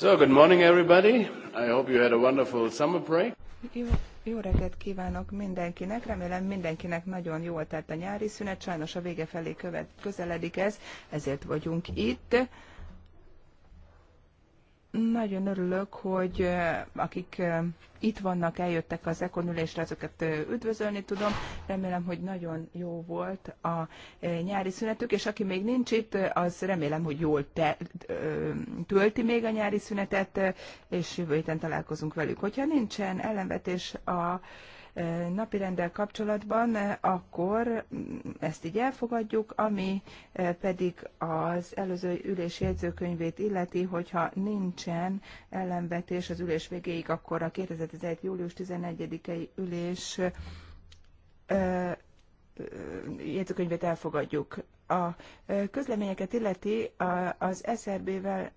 So, good morning everybody. I hope you had a wonderful summer break. Jó, jó reggelt kívánok mindenkinek. Remélem mindenkinek nagyon jól tett a nyári szünet. Sajnos a vége felé követ, közeledik ez, ezért vagyunk itt. Nagyon örülök, hogy akik itt vannak, eljöttek az ekonülésre, azokat üdvözölni tudom. Remélem, hogy nagyon jó volt a nyári szünetük, és aki még nincs itt, az remélem, hogy jól te, tölti még a nyári szünetet, és jövő héten találkozunk velük. Hogyha nincsen ellenvetés a napirendel kapcsolatban, akkor mm, ezt így elfogadjuk, ami pedig az előző ülés jegyzőkönyvét illeti, hogyha nincsen ellenvetés az ülés végéig, akkor a 2001. július 11-i ülés jegyzőkönyvét elfogadjuk. A közleményeket illeti az SRB-vel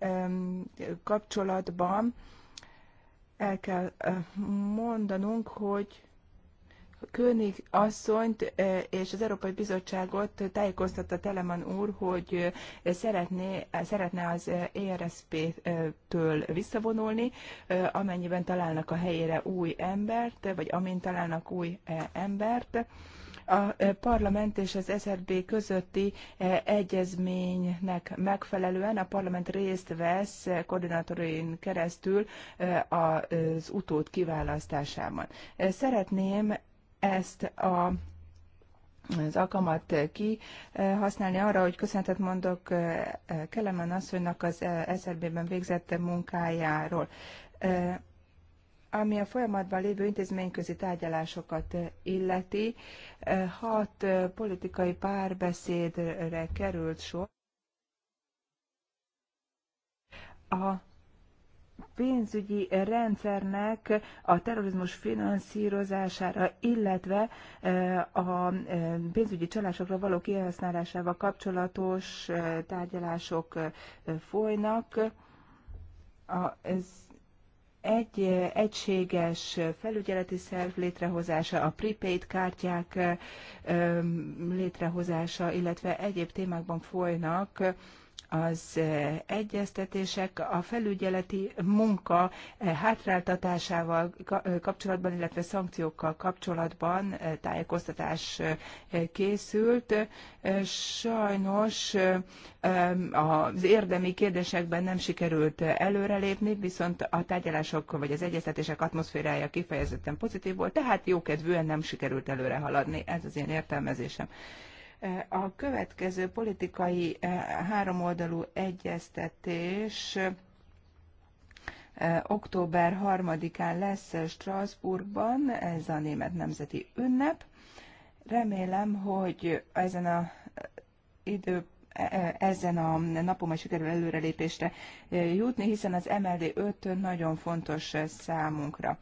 kapcsolatban el kell mondanunk, hogy König asszonyt és az Európai Bizottságot tájékoztatta Telemann úr, hogy szeretné, szeretne az ERSP-től visszavonulni, amennyiben találnak a helyére új embert, vagy amint találnak új embert a parlament és az SRB közötti egyezménynek megfelelően a parlament részt vesz koordinátorain keresztül az utód kiválasztásában. Szeretném ezt a az alkalmat kihasználni arra, hogy köszönetet mondok eh, eh, Kelemen asszonynak az eh, SZRB-ben végzett munkájáról, ami a folyamatban lévő intézményközi tárgyalásokat illeti. Hat politikai párbeszédre került sor. A pénzügyi rendszernek a terrorizmus finanszírozására, illetve eh, a eh, pénzügyi csalásokra való kihasználásával kapcsolatos eh, tárgyalások folynak. Az egy egységes felügyeleti szerv létrehozása, a prepaid kártyák létrehozása, illetve egyéb témákban folynak az egyeztetések a felügyeleti munka hátráltatásával kapcsolatban, illetve szankciókkal kapcsolatban tájékoztatás készült. Sajnos az érdemi kérdésekben nem sikerült előrelépni, viszont a tárgyalások vagy az egyeztetések atmoszférája kifejezetten pozitív volt, tehát jókedvűen nem sikerült előre haladni. Ez az én értelmezésem. A következő politikai eh, háromoldalú egyeztetés eh, október 3-án lesz Strasbourgban, ez a német nemzeti ünnep. Remélem, hogy ezen a eh, idő ezen a napon majd sikerül előrelépésre jutni, hiszen az MLD 5 nagyon fontos számunkra.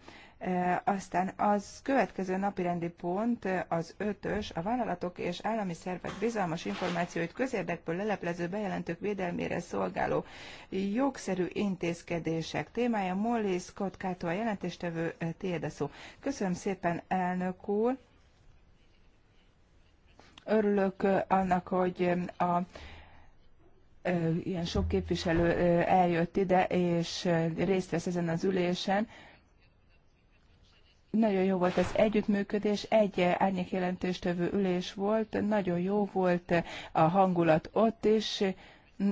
Aztán az következő napi rendi pont az ötös, a vállalatok és állami szervek bizalmas információit közérdekből leleplező bejelentők védelmére szolgáló jogszerű intézkedések témája. Molly Scott Kato a jelentéstevő tiéd a szó. Köszönöm szépen, elnök úr! Örülök annak, hogy a ilyen sok képviselő eljött ide, és részt vesz ezen az ülésen. Nagyon jó volt az együttműködés, egy árnyék jelentéstevő ülés volt, nagyon jó volt a hangulat ott is,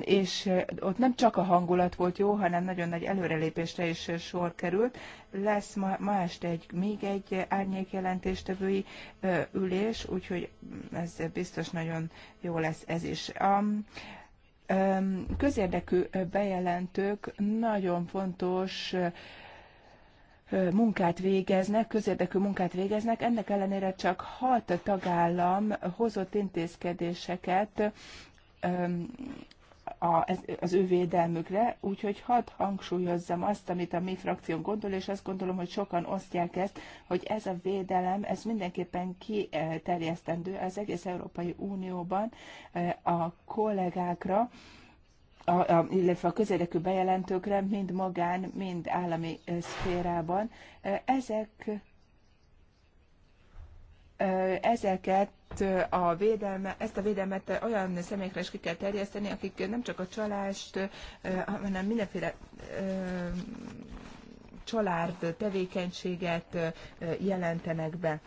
és ott nem csak a hangulat volt jó, hanem nagyon nagy előrelépésre is sor került. Lesz ma, ma este egy, még egy árnyékjelentéstevői ülés, úgyhogy ez biztos nagyon jó lesz ez is. A, közérdekű bejelentők nagyon fontos munkát végeznek, közérdekű munkát végeznek, ennek ellenére csak hat tagállam hozott intézkedéseket az ő védelmükre, úgyhogy hadd hangsúlyozzam azt, amit a mi frakción gondol, és azt gondolom, hogy sokan osztják ezt, hogy ez a védelem, ez mindenképpen kiterjesztendő az egész Európai Unióban eh, a kollégákra, a, a, illetve a közérdekű bejelentőkre, mind magán, mind állami eh, szférában. Eh, ezek ezeket a védelme, ezt a védelmet olyan személyekre is ki kell terjeszteni, akik nem csak a csalást, hanem mindenféle család tevékenységet jelentenek be.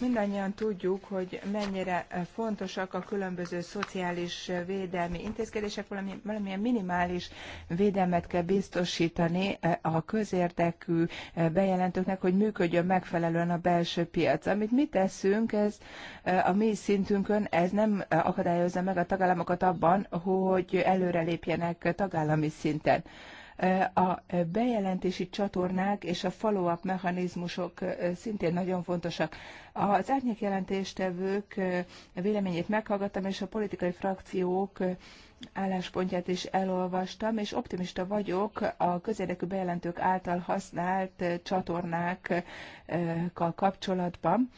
Mindannyian tudjuk, hogy mennyire eh, fontosak a különböző szociális eh, védelmi intézkedések, valamilyen minimális védelmet kell biztosítani eh, a közérdekű bejelentőknek, hogy működjön megfelelően a belső piac. Amit mi teszünk, ez a mi szintünkön, ez nem akadályozza meg a tagállamokat abban, hogy előrelépjenek tagállami szinten. A bejelentési csatornák és a follow-up mechanizmusok szintén nagyon fontosak. Az árnyékjelentéstevők véleményét meghallgattam, és a politikai frakciók álláspontját is elolvastam, és optimista vagyok a közérdekű bejelentők által használt csatornákkal kapcsolatban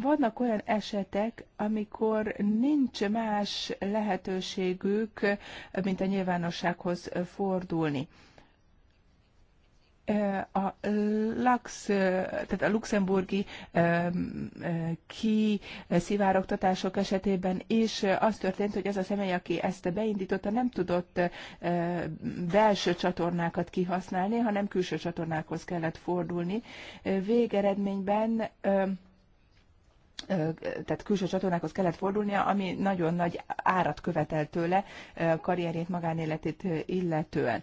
vannak olyan esetek, amikor nincs más lehetőségük, mint a nyilvánossághoz fordulni. A, Lux, tehát a luxemburgi kiszivárogtatások esetében is az történt, hogy az a személy, aki ezt beindította, nem tudott belső csatornákat kihasználni, hanem külső csatornákhoz kellett fordulni. Végeredményben tehát külső csatornákhoz kellett fordulnia, ami nagyon nagy árat követelt tőle karrierjét, magánéletét illetően.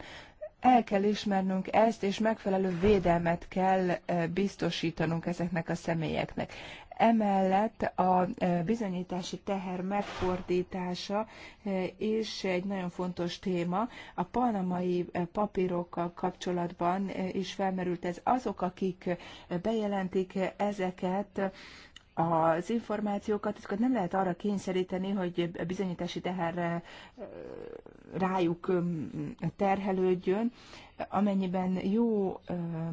El kell ismernünk ezt, és megfelelő védelmet kell biztosítanunk ezeknek a személyeknek. Emellett a bizonyítási teher megfordítása is egy nagyon fontos téma. A panamai papírokkal kapcsolatban is felmerült ez. Azok, akik bejelentik ezeket, az információkat, ezeket nem lehet arra kényszeríteni, hogy bizonyítási teher rájuk terhelődjön, amennyiben jó,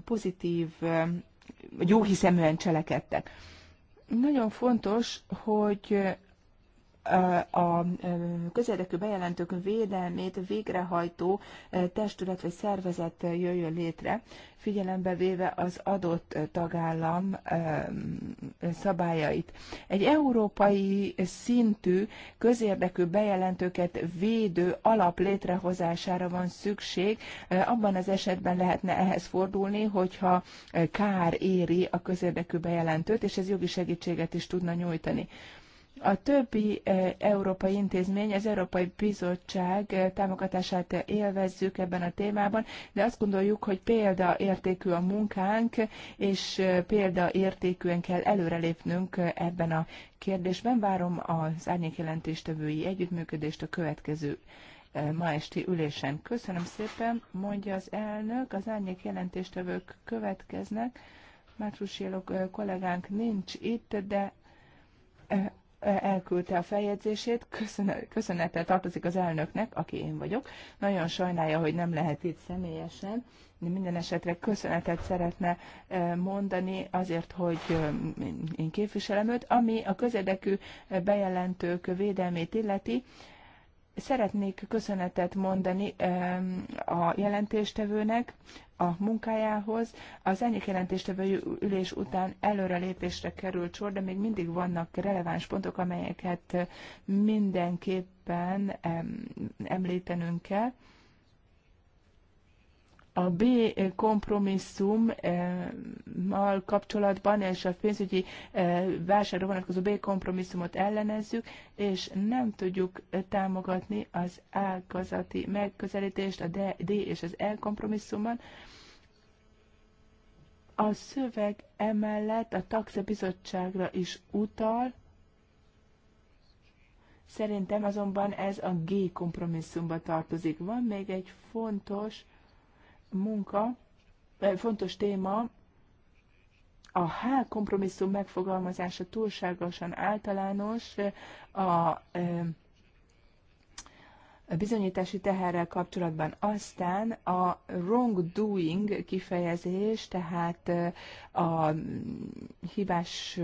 pozitív, jó hiszeműen cselekedtek. Nagyon fontos, hogy a közérdekű bejelentők védelmét végrehajtó testület vagy szervezet jöjjön létre, figyelembe véve az adott tagállam szabályait. Egy európai szintű közérdekű bejelentőket védő alap létrehozására van szükség. Abban az esetben lehetne ehhez fordulni, hogyha kár éri a közérdekű bejelentőt, és ez jogi segítséget is tudna nyújtani. A többi e, európai intézmény, az Európai Bizottság e, támogatását élvezzük ebben a témában, de azt gondoljuk, hogy példaértékű a munkánk, és e, példaértékűen kell előrelépnünk ebben a kérdésben. Várom az árnyékjelentéstevői együttműködést a következő ma esti ülésen. Köszönöm szépen, mondja az elnök, az árnyék jelentéstevők következnek. Mátrus Jélok kollégánk nincs itt, de elküldte a feljegyzését. Köszönettel tartozik az elnöknek, aki én vagyok. Nagyon sajnálja, hogy nem lehet itt személyesen, de minden esetre köszönetet szeretne eh, mondani azért, hogy eh, én képviselem őt, ami a közedekű bejelentők védelmét illeti. Szeretnék köszönetet mondani eh, a jelentéstevőnek, a munkájához. Az ennyi jelentéstevő ülés után előrelépésre került sor, de még mindig vannak releváns pontok, amelyeket mindenképpen említenünk kell a B kompromisszummal kapcsolatban és a pénzügyi eh, válságra vonatkozó B kompromisszumot ellenezzük, és nem tudjuk támogatni az ágazati megközelítést a D és az E kompromisszumban. A szöveg emellett a taxa bizottságra is utal, Szerintem azonban ez a G kompromisszumba tartozik. Van még egy fontos munka, fontos téma, a H kompromisszum megfogalmazása túlságosan általános, a bizonyítási teherrel kapcsolatban. Aztán a wrongdoing kifejezés, tehát a hibás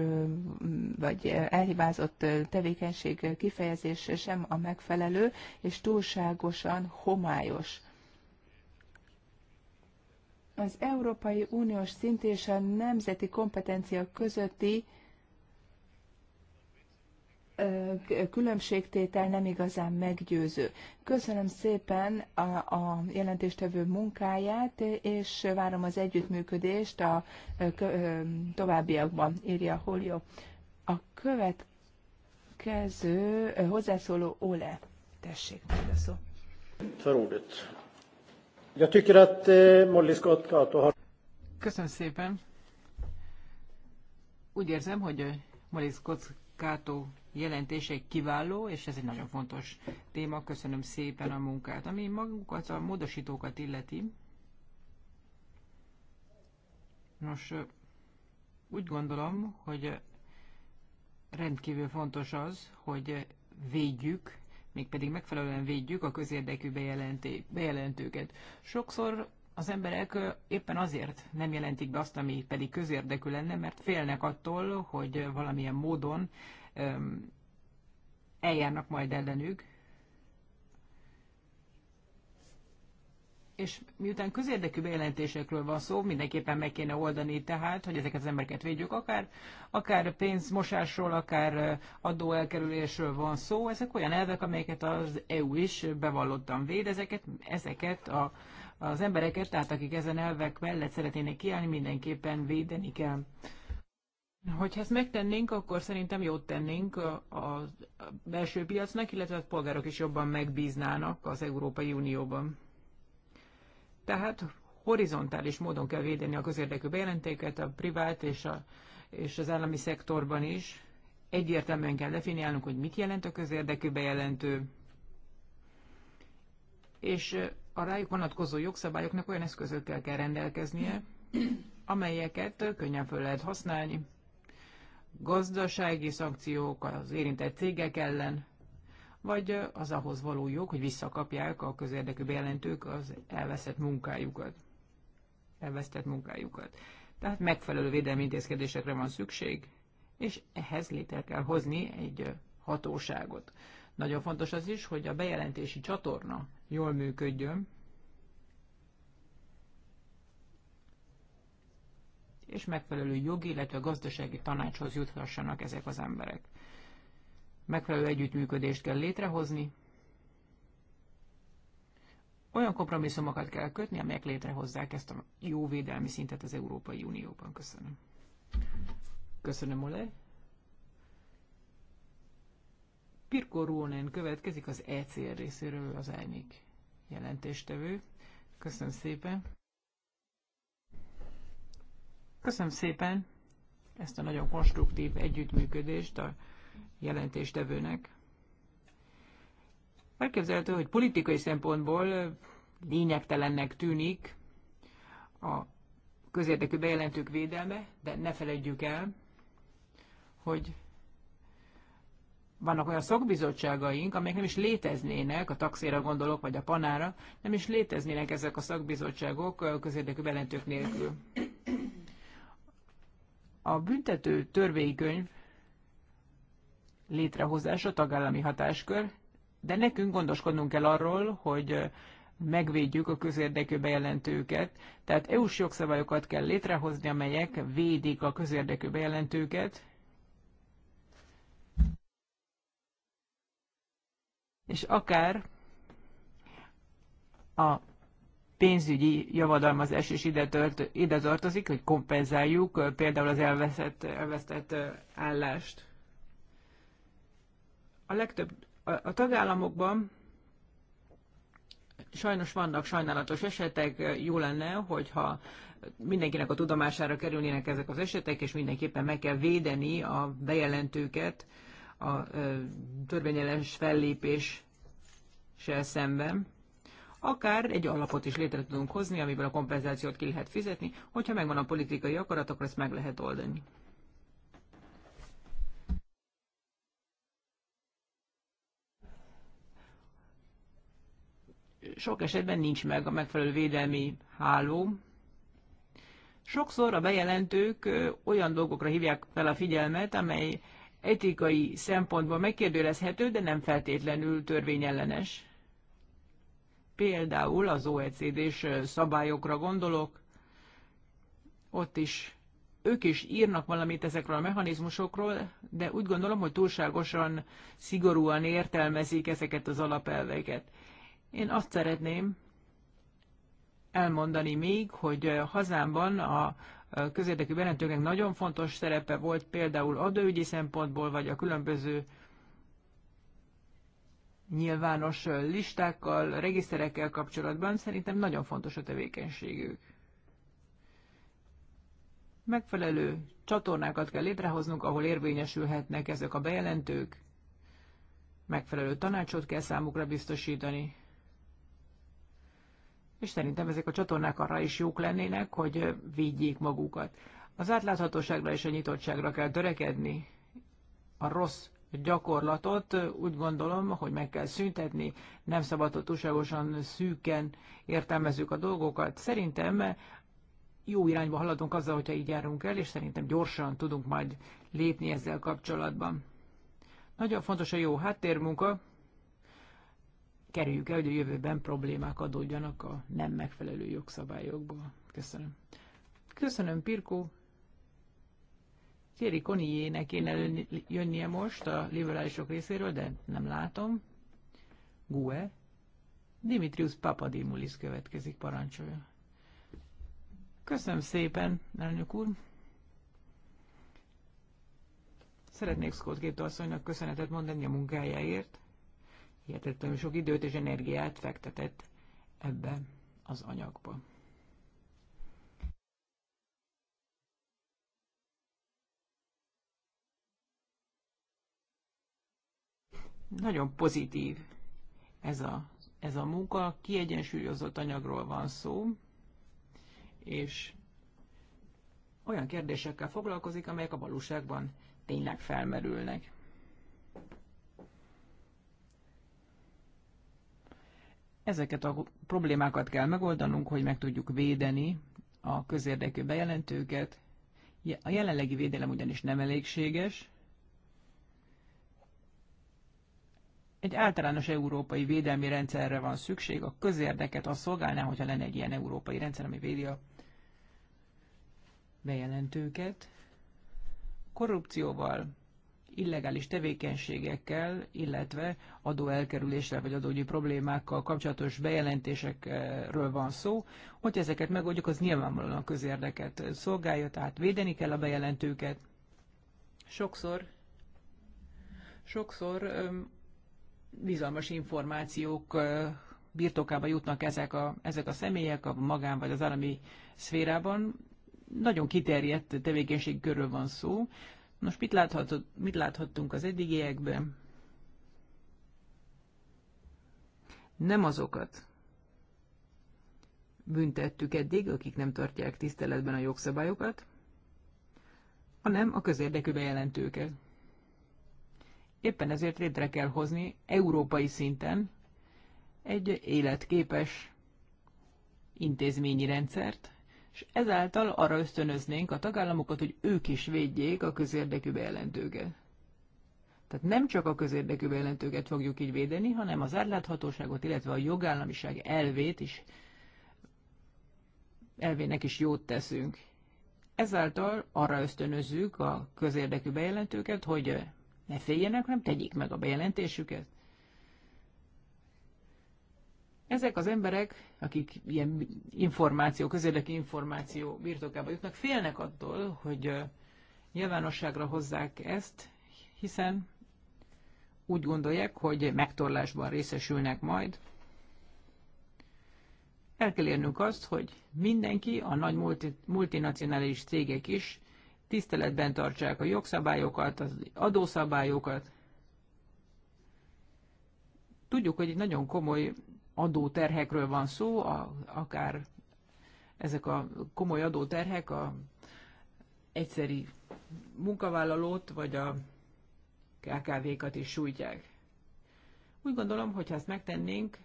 vagy elhibázott tevékenység kifejezés sem a megfelelő, és túlságosan homályos az Európai Uniós szint és a nemzeti kompetencia közötti különbségtétel nem igazán meggyőző. Köszönöm szépen a, a jelentéstevő munkáját, és várom az együttműködést a a továbbiakban, írja Holjo. A következő hozzászóló Ole. Tessék, a szó. Szóval, Jag tycker att eh, Molly Scott har... Köszönöm szépen. Úgy érzem, hogy eh, Molly Scott Cato jelentése kiváló, és ez egy nagyon fontos téma. Köszönöm szépen a munkát. Ami magukat, a módosítókat illeti, nos, eh, úgy gondolom, hogy rendkívül fontos az, hogy védjük mégpedig megfelelően védjük a közérdekű bejelentőket. Sokszor az emberek éppen azért nem jelentik be azt, ami pedig közérdekű lenne, mert félnek attól, hogy valamilyen módon eljárnak majd ellenük, és miután közérdekű bejelentésekről van szó, mindenképpen meg kéne oldani tehát, hogy ezeket az embereket védjük, akár, akár pénzmosásról, akár adóelkerülésről van szó, ezek olyan elvek, amelyeket az EU is bevallottan véd, ezeket, ezeket a, az embereket, tehát akik ezen elvek mellett szeretnének kiállni, mindenképpen védeni kell. Hogyha ezt megtennénk, akkor szerintem jót tennénk a belső piacnak, illetve a polgárok is jobban megbíznának az Európai Unióban. Tehát horizontális módon kell védeni a közérdekű bejelentéket a privát és, a, és az állami szektorban is. Egyértelműen kell definiálnunk, hogy mit jelent a közérdekű bejelentő, és a rájuk vonatkozó jogszabályoknak olyan eszközökkel kell rendelkeznie, amelyeket könnyen föl lehet használni. Gazdasági szankciók az érintett cégek ellen, vagy az ahhoz való jog, hogy visszakapják a közérdekű bejelentők az elveszett munkájukat. Elvesztett munkájukat. Tehát megfelelő védelmi intézkedésekre van szükség, és ehhez létre kell hozni egy hatóságot. Nagyon fontos az is, hogy a bejelentési csatorna jól működjön, és megfelelő jogi, illetve gazdasági tanácshoz juthassanak ezek az emberek megfelelő együttműködést kell létrehozni, olyan kompromisszumokat kell kötni, amelyek létrehozzák ezt a jó védelmi szintet az Európai Unióban. Köszönöm. Köszönöm, Ole. Pirko Ruonen következik az ECR részéről az elnék jelentéstevő. Köszönöm szépen. Köszönöm szépen ezt a nagyon konstruktív együttműködést a jelentéstevőnek. Elképzelhető, hogy politikai szempontból lényegtelennek tűnik a közérdekű bejelentők védelme, de ne felejtjük el, hogy vannak olyan szakbizottságaink, amelyek nem is léteznének, a taxéra gondolok, vagy a panára, nem is léteznének ezek a szakbizottságok közérdekű belentők nélkül. A büntető törvénykönyv létrehozása tagállami hatáskör, de nekünk gondoskodnunk kell arról, hogy megvédjük a közérdekű bejelentőket. Tehát EU-s jogszabályokat kell létrehozni, amelyek védik a közérdekű bejelentőket, és akár a pénzügyi javadalmazás is ide, tört, ide tartozik, hogy kompenzáljuk például az elveszett, elvesztett állást a legtöbb a, a tagállamokban sajnos vannak sajnálatos esetek, jó lenne, hogyha mindenkinek a tudomására kerülnének ezek az esetek, és mindenképpen meg kell védeni a bejelentőket a törvényellenes fellépés szemben. Akár egy alapot is létre tudunk hozni, amiből a kompenzációt ki lehet fizetni, hogyha megvan a politikai akarat, akkor ezt meg lehet oldani. sok esetben nincs meg a megfelelő védelmi háló. Sokszor a bejelentők olyan dolgokra hívják fel a figyelmet, amely etikai szempontból megkérdőjelezhető, de nem feltétlenül törvényellenes. Például az OECD-s szabályokra gondolok, ott is ők is írnak valamit ezekről a mechanizmusokról, de úgy gondolom, hogy túlságosan szigorúan értelmezik ezeket az alapelveket. Én azt szeretném elmondani még, hogy hazámban a közérdekű bejelentőknek nagyon fontos szerepe volt például adóügyi szempontból, vagy a különböző nyilvános listákkal, regiszterekkel kapcsolatban szerintem nagyon fontos a tevékenységük. Megfelelő csatornákat kell létrehoznunk, ahol érvényesülhetnek ezek a bejelentők, megfelelő tanácsot kell számukra biztosítani, és szerintem ezek a csatornák arra is jók lennének, hogy védjék magukat. Az átláthatóságra és a nyitottságra kell törekedni. A rossz gyakorlatot úgy gondolom, hogy meg kell szüntetni, nem szabad, hogy túlságosan szűken értelmezzük a dolgokat. Szerintem jó irányba haladunk azzal, hogyha így járunk el, és szerintem gyorsan tudunk majd lépni ezzel kapcsolatban. Nagyon fontos a jó háttérmunka, kerüljük el, hogy a jövőben problémák adódjanak a nem megfelelő jogszabályokból. Köszönöm. Köszönöm, Pirkó. Téri Koniének kéne jönnie most a liberálisok részéről, de nem látom. Gue. Dimitrius Papadimulis következik, parancsolja. Köszönöm szépen, elnök úr. Szeretnék Scott Gépte asszonynak köszönetet mondani a munkájáért hihetetlenül sok időt és energiát fektetett ebbe az anyagba. Nagyon pozitív ez a, ez a munka, kiegyensúlyozott anyagról van szó, és olyan kérdésekkel foglalkozik, amelyek a valóságban tényleg felmerülnek. Ezeket a problémákat kell megoldanunk, hogy meg tudjuk védeni a közérdekű bejelentőket. A jelenlegi védelem ugyanis nem elégséges. Egy általános európai védelmi rendszerre van szükség, a közérdeket az szolgálná, hogyha lenne egy ilyen európai rendszer, ami védi a bejelentőket. Korrupcióval illegális tevékenységekkel, illetve adóelkerüléssel vagy adógyi problémákkal kapcsolatos bejelentésekről van szó. Hogy ezeket megoldjuk, az nyilvánvalóan a közérdeket szolgálja, tehát védeni kell a bejelentőket. Sokszor, sokszor bizalmas információk birtokába jutnak ezek a, ezek a személyek a magán vagy az állami szférában. Nagyon kiterjedt tevékenység körül van szó, Nos, mit, láthatott, mit láthattunk az eddigiekben? Nem azokat büntettük eddig, akik nem tartják tiszteletben a jogszabályokat, hanem a közérdekű bejelentőket. Éppen ezért létre kell hozni európai szinten egy életképes intézményi rendszert, és ezáltal arra ösztönöznénk a tagállamokat, hogy ők is védjék a közérdekű bejelentőket. Tehát nem csak a közérdekű bejelentőket fogjuk így védeni, hanem az átláthatóságot, illetve a jogállamiság elvét is, elvének is jót teszünk. Ezáltal arra ösztönözzük a közérdekű bejelentőket, hogy ne féljenek, hanem tegyék meg a bejelentésüket. Ezek az emberek, akik ilyen információ, közérdekű információ birtokába jutnak, félnek attól, hogy nyilvánosságra hozzák ezt, hiszen úgy gondolják, hogy megtorlásban részesülnek majd. El kell érnünk azt, hogy mindenki, a nagy multi, multinacionális cégek is tiszteletben tartsák a jogszabályokat, az adószabályokat. Tudjuk, hogy egy nagyon komoly adóterhekről van szó, a, akár ezek a komoly adóterhek a egyszeri munkavállalót vagy a KKV-kat is sújtják. Úgy gondolom, hogy ha ezt megtennénk,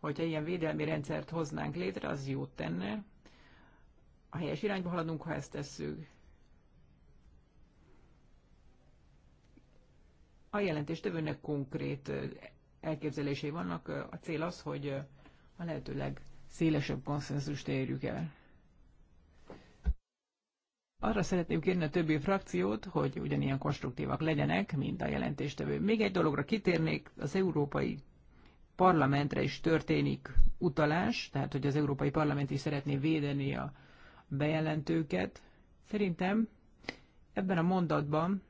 hogyha ilyen védelmi rendszert hoznánk létre, az jót tenne. A helyes irányba haladunk, ha ezt tesszük. A jelentéstevőnek konkrét elképzelései vannak. A cél az, hogy a lehető legszélesebb konszenzust érjük el. Arra szeretném kérni a többi frakciót, hogy ugyanilyen konstruktívak legyenek, mint a jelentéstevő. Még egy dologra kitérnék, az Európai Parlamentre is történik utalás, tehát hogy az Európai Parlament is szeretné védeni a bejelentőket. Szerintem ebben a mondatban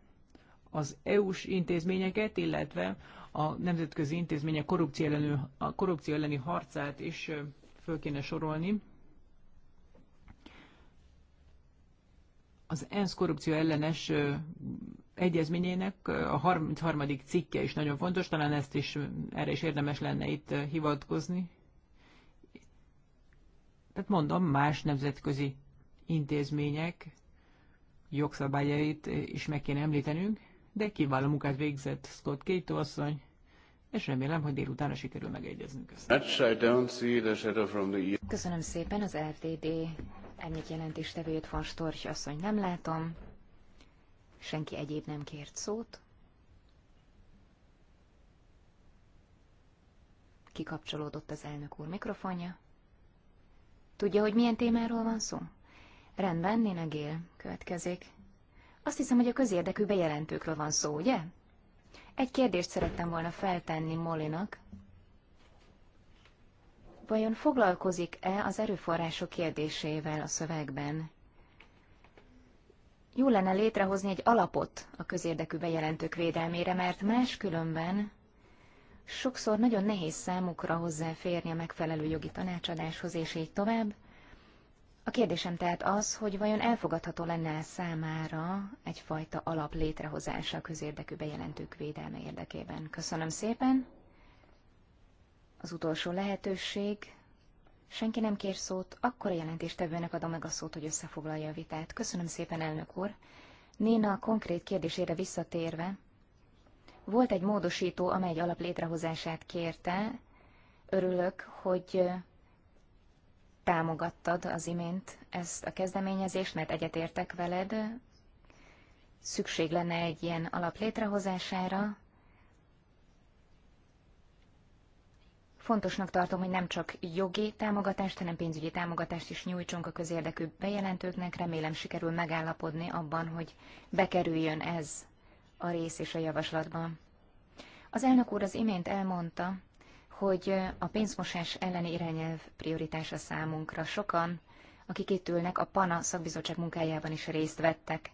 az EU-s intézményeket, illetve a nemzetközi intézmények korrupció, ellenő, a korrupció elleni harcát is föl kéne sorolni. Az ENSZ korrupció ellenes egyezményének a 33. cikke is nagyon fontos, talán ezt is, erre is érdemes lenne itt hivatkozni. Tehát mondom, más nemzetközi intézmények jogszabályait is meg kéne említenünk, de kiváló munkát végzett Scott Cato asszony és remélem, hogy délutánra sikerül megegyeznünk ezt. Köszönöm szépen az RTD ennyit jelentéstevőjét van Storch asszony nem látom. Senki egyéb nem kért szót. Kikapcsolódott az elnök úr mikrofonja. Tudja, hogy milyen témáról van szó? Rendben, Nina Gél következik. Azt hiszem, hogy a közérdekű bejelentőkről van szó, ugye? Egy kérdést szerettem volna feltenni Molinak. Vajon foglalkozik-e az erőforrások kérdésével a szövegben? Jó lenne létrehozni egy alapot a közérdekű bejelentők védelmére, mert máskülönben sokszor nagyon nehéz számukra hozzáférni a megfelelő jogi tanácsadáshoz, és így tovább – a kérdésem tehát az, hogy vajon elfogadható lenne -e számára egyfajta alap létrehozása a közérdekű bejelentők védelme érdekében. Köszönöm szépen. Az utolsó lehetőség. Senki nem kér szót, akkor a jelentéstevőnek adom meg a szót, hogy összefoglalja a vitát. Köszönöm szépen, elnök úr. Néna a konkrét kérdésére visszatérve, volt egy módosító, amely egy alap létrehozását kérte. Örülök, hogy támogattad az imént ezt a kezdeményezést, mert egyetértek veled. Szükség lenne egy ilyen alap létrehozására. Fontosnak tartom, hogy nem csak jogi támogatást, hanem pénzügyi támogatást is nyújtsunk a közérdekű bejelentőknek. Remélem sikerül megállapodni abban, hogy bekerüljön ez a rész és a javaslatban. Az elnök úr az imént elmondta, hogy a pénzmosás elleni irányelv prioritása számunkra. Sokan, akik itt ülnek, a PANA szakbizottság munkájában is részt vettek.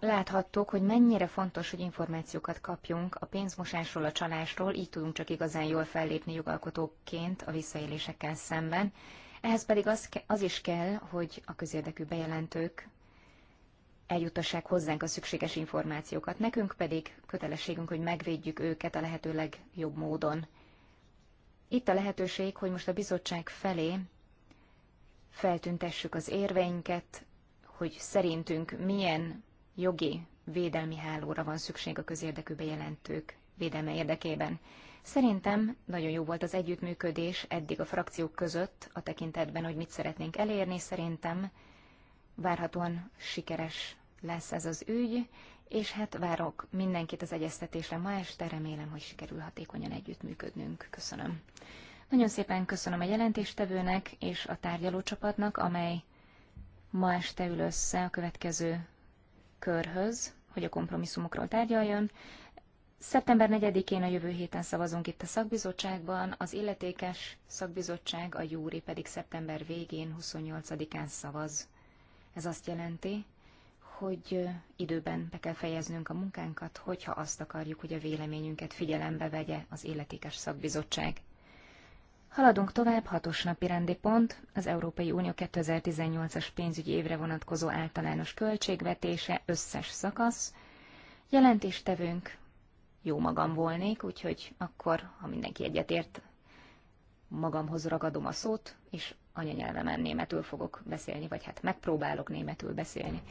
Láthattuk, hogy mennyire fontos, hogy információkat kapjunk a pénzmosásról, a csalásról, így tudunk csak igazán jól fellépni jogalkotóként a visszaélésekkel szemben. Ehhez pedig az, az is kell, hogy a közérdekű bejelentők eljutassák hozzánk a szükséges információkat. Nekünk pedig kötelességünk, hogy megvédjük őket a lehető legjobb módon. Itt a lehetőség, hogy most a bizottság felé feltüntessük az érveinket, hogy szerintünk milyen jogi védelmi hálóra van szükség a közérdekű bejelentők védelme érdekében. Szerintem nagyon jó volt az együttműködés eddig a frakciók között a tekintetben, hogy mit szeretnénk elérni. Szerintem Várhatóan sikeres lesz ez az ügy, és hát várok mindenkit az egyeztetésre ma este, remélem, hogy sikerül hatékonyan együttműködnünk. Köszönöm. Nagyon szépen köszönöm a jelentéstevőnek és a tárgyalócsapatnak, amely ma este ül össze a következő körhöz, hogy a kompromisszumokról tárgyaljon. Szeptember 4-én a jövő héten szavazunk itt a szakbizottságban, az illetékes szakbizottság, a júri pedig szeptember végén 28-án szavaz. Ez azt jelenti, hogy időben be kell fejeznünk a munkánkat, hogyha azt akarjuk, hogy a véleményünket figyelembe vegye az Életékes Szakbizottság. Haladunk tovább, hatos napi rendi pont, az Európai Unió 2018-as pénzügyi évre vonatkozó általános költségvetése, összes szakasz. Jelentéstevőnk jó magam volnék, úgyhogy akkor, ha mindenki egyetért, magamhoz ragadom a szót, és anyanyelvemen németül fogok beszélni, vagy hát megpróbálok németül beszélni.